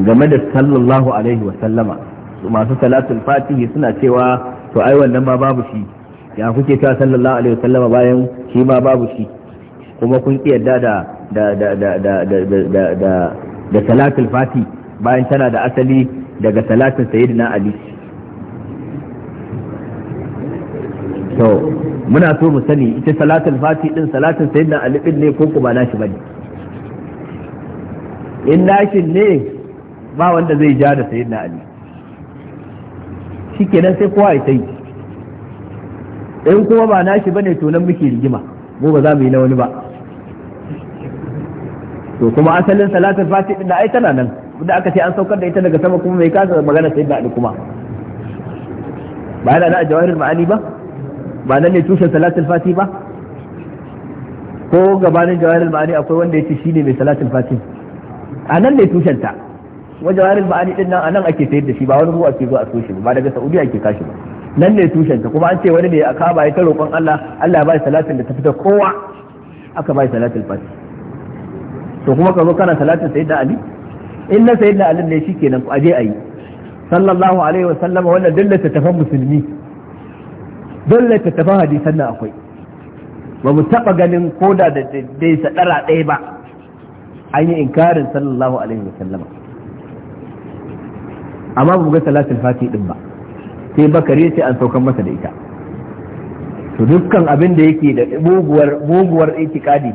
game da sallallahu alaihi wa sallama masu salatul fatihi suna cewa to ai wannan ma babu shi ya kuke cewa sallallahu alaihi wa sallama bayan shi ma babu shi kuma kun ki yarda da da da da da da da da salatul fati bayan tana da asali daga salatin sayyidina ali to muna so mu sani ita salatul fati din salatul sayyidina ali din ne ko ko ba nashi bane in nashi ne ba wanda zai ja da sayyidina ali shikenan sai kowa ya sai in kuma ba nashi bane to nan muke rigima mu ba za mu yi na wani ba to kuma asalin salatul fati din da ai tana nan da aka ce an saukar da ita daga sama kuma mai kasa magana sayyidina ali kuma ba yana da jawahirul ma'ani ba ba nan ne tushen salatul fati ba ko gabanin jawaharul ma'ani akwai wanda ya ce shi ne mai salatul fati a nan ne tushen ta wa jawaharul ma'ani din nan a nan ake sayar da shi ba wani ruwa ake zuwa a toshe ba daga saudi ake kashi ba nan ne tushen ta kuma an ce wani ne a kaba ya ta roƙon Allah Allah ya ba shi salatin da ta fita kowa aka ba shi salatul fati to kuma ka zo kana salatin sayyidina ali in na sayyidina ali ne shikenan ku aje ayi sallallahu alaihi wa sallama wannan dillata tafan musulmi don littattafan hadisan nan akwai ba mu taɓa ganin ko da dai saɗara ɗaya ba an yi inkarin sallallahu alaihi wa sallama amma ba mu ga salatul fati din ba sai bakari sai an saukan masa da ita to dukkan abin da yake da muguwar muguwar itikadi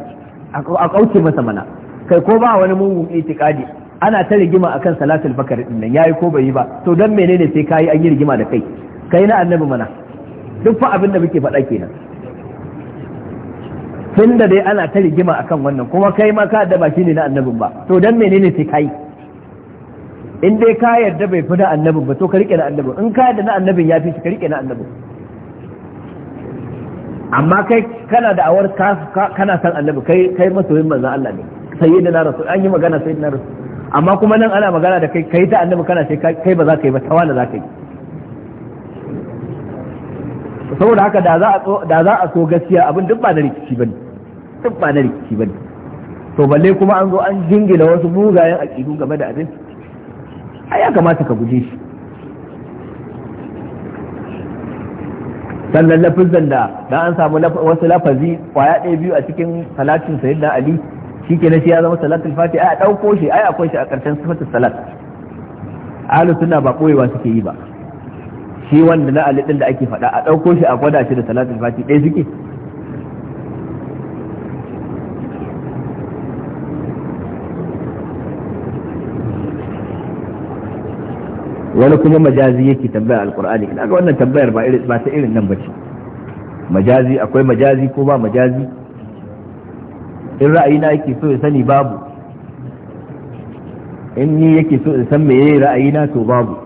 a kauce masa mana kai ko ba wani mugun itikadi ana ta rigima akan salatul bakari din nan yayi ko bai yi ba to dan menene sai kai an yi rigima da kai kai na annabi mana duk fa abin da muke faɗa kenan tun da dai ana ta rigima akan wannan kuma kai ma ka da baki ne na annabin ba to dan menene sai kai in dai ka yarda bai fi na annabin ba to ka rike na annabin in ka yarda na annabin ya fi shi ka rike na annabin amma kai kana da awar kana san annabi kai kai masoyin manzon Allah ne sayyidina rasul an yi magana sayyidina rasul amma kuma nan ana magana da kai kai ta annabi kana sai kai ba za ka yi ba tawala za ka yi saboda haka da za a so gaskiya abin duk ba na rikici ba ne duk ba na rikici ba ne to balle kuma an zo an jingila wasu mugayen aƙidu game da abin ai ya kamata ka guje shi sannan lafizan da da an samu wasu lafazi kwaya ɗaya biyu a cikin salatin sayyidina ali shike na shi ya zama salatul fati a ɗauko shi ai akwai shi a ƙarshen sifatul salat ahlu sunna ba koyewa suke yi ba shi wanda na ali da ake faɗa a ɗauko shi a gwada shi da salatul fati ɗaya suke wani kuma majazi yake tambaya alkur'ani ina ga wannan tambayar ba irin ba ta irin nan bace majazi akwai majazi ko ba majazi in ra'ayi na yake so ya sani babu in ni yake so in san meye na to babu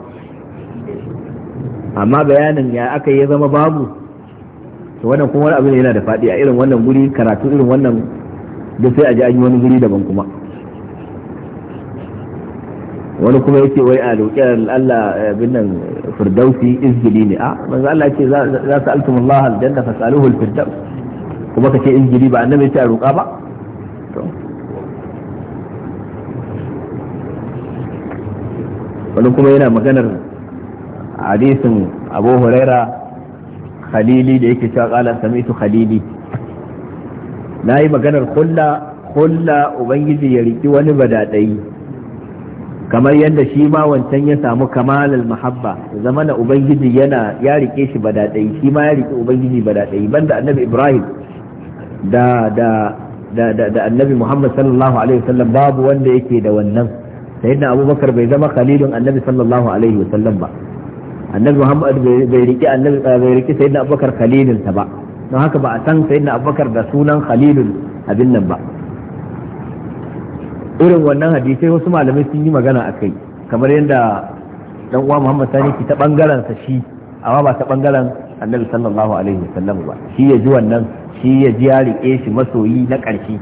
amma bayanin ya aka ya zama babu to wannan kuma wani abu ne yana da faɗi a irin wannan guri karatu irin wannan da sai a ji an yi wani guri daban kuma wani kuma yake wai a roƙi Allah bin nan firdausi izgili ne a manzo Allah yake za su altum Allah aljanna fasaluhu alfirdaus kuma kace izgili ba annabi yake a roƙa ba to wani kuma yana maganar hadisin abu huraira khalili da yake cewa kala samitu khalili na yi maganar kulla kulla ubangiji ya riki wani badadai kamar yadda shi ma wancan ya samu kamalal mahabba zama na ubangiji yana ya rike shi badadai shi ma ya riki ubangiji badadai banda annabi ibrahim da da da da, da annabi muhammad sallallahu alaihi wasallam babu wanda yake da wannan sayyidina abubakar bai zama khalilun annabi sallallahu alaihi wasallam ba annabi muhammad bai riki annabi bai riki sayyidina abubakar khalilin ta ba don haka ba a san sayyidina abubakar da sunan khalilun abin nan ba irin wannan hadisai wasu malamai sun yi magana a kai kamar yadda dan uwa muhammad sani ki ta bangaren sa shi amma ba ta bangaren annabi sallallahu alaihi wasallam ba shi ya ji wannan shi ya ji ya rike shi masoyi na ƙarshe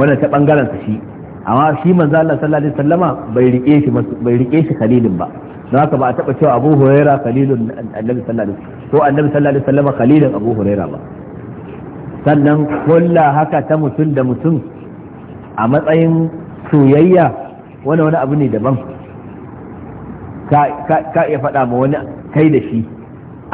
wannan ta bangaren sa shi amma shi manzo Allah sallallahu alaihi wasallama bai rike shi bai rike shi khalilin ba don haka ba a taba cewa abu huraira khalilun annabi sallallahu alaihi wasallam ko annabi sallallahu alaihi wasallam khalilun abu huraira ba sannan kulla haka ta mutum da mutum a matsayin soyayya wani wani abu ne daban ka iya faɗa ma wani kai da shi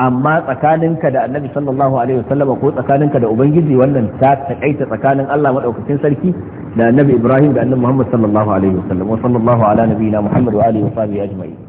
amma tsakaninka da annabi sallallahu alaihi wasallam ko tsakaninka da ubangiji wannan ta takaita tsakanin Allah madaukakin sarki da annabi Ibrahim da annabi Muhammad sallallahu alaihi wasallam wa sallallahu ala nabiyina Muhammad wa alihi wa sahbihi ajma'in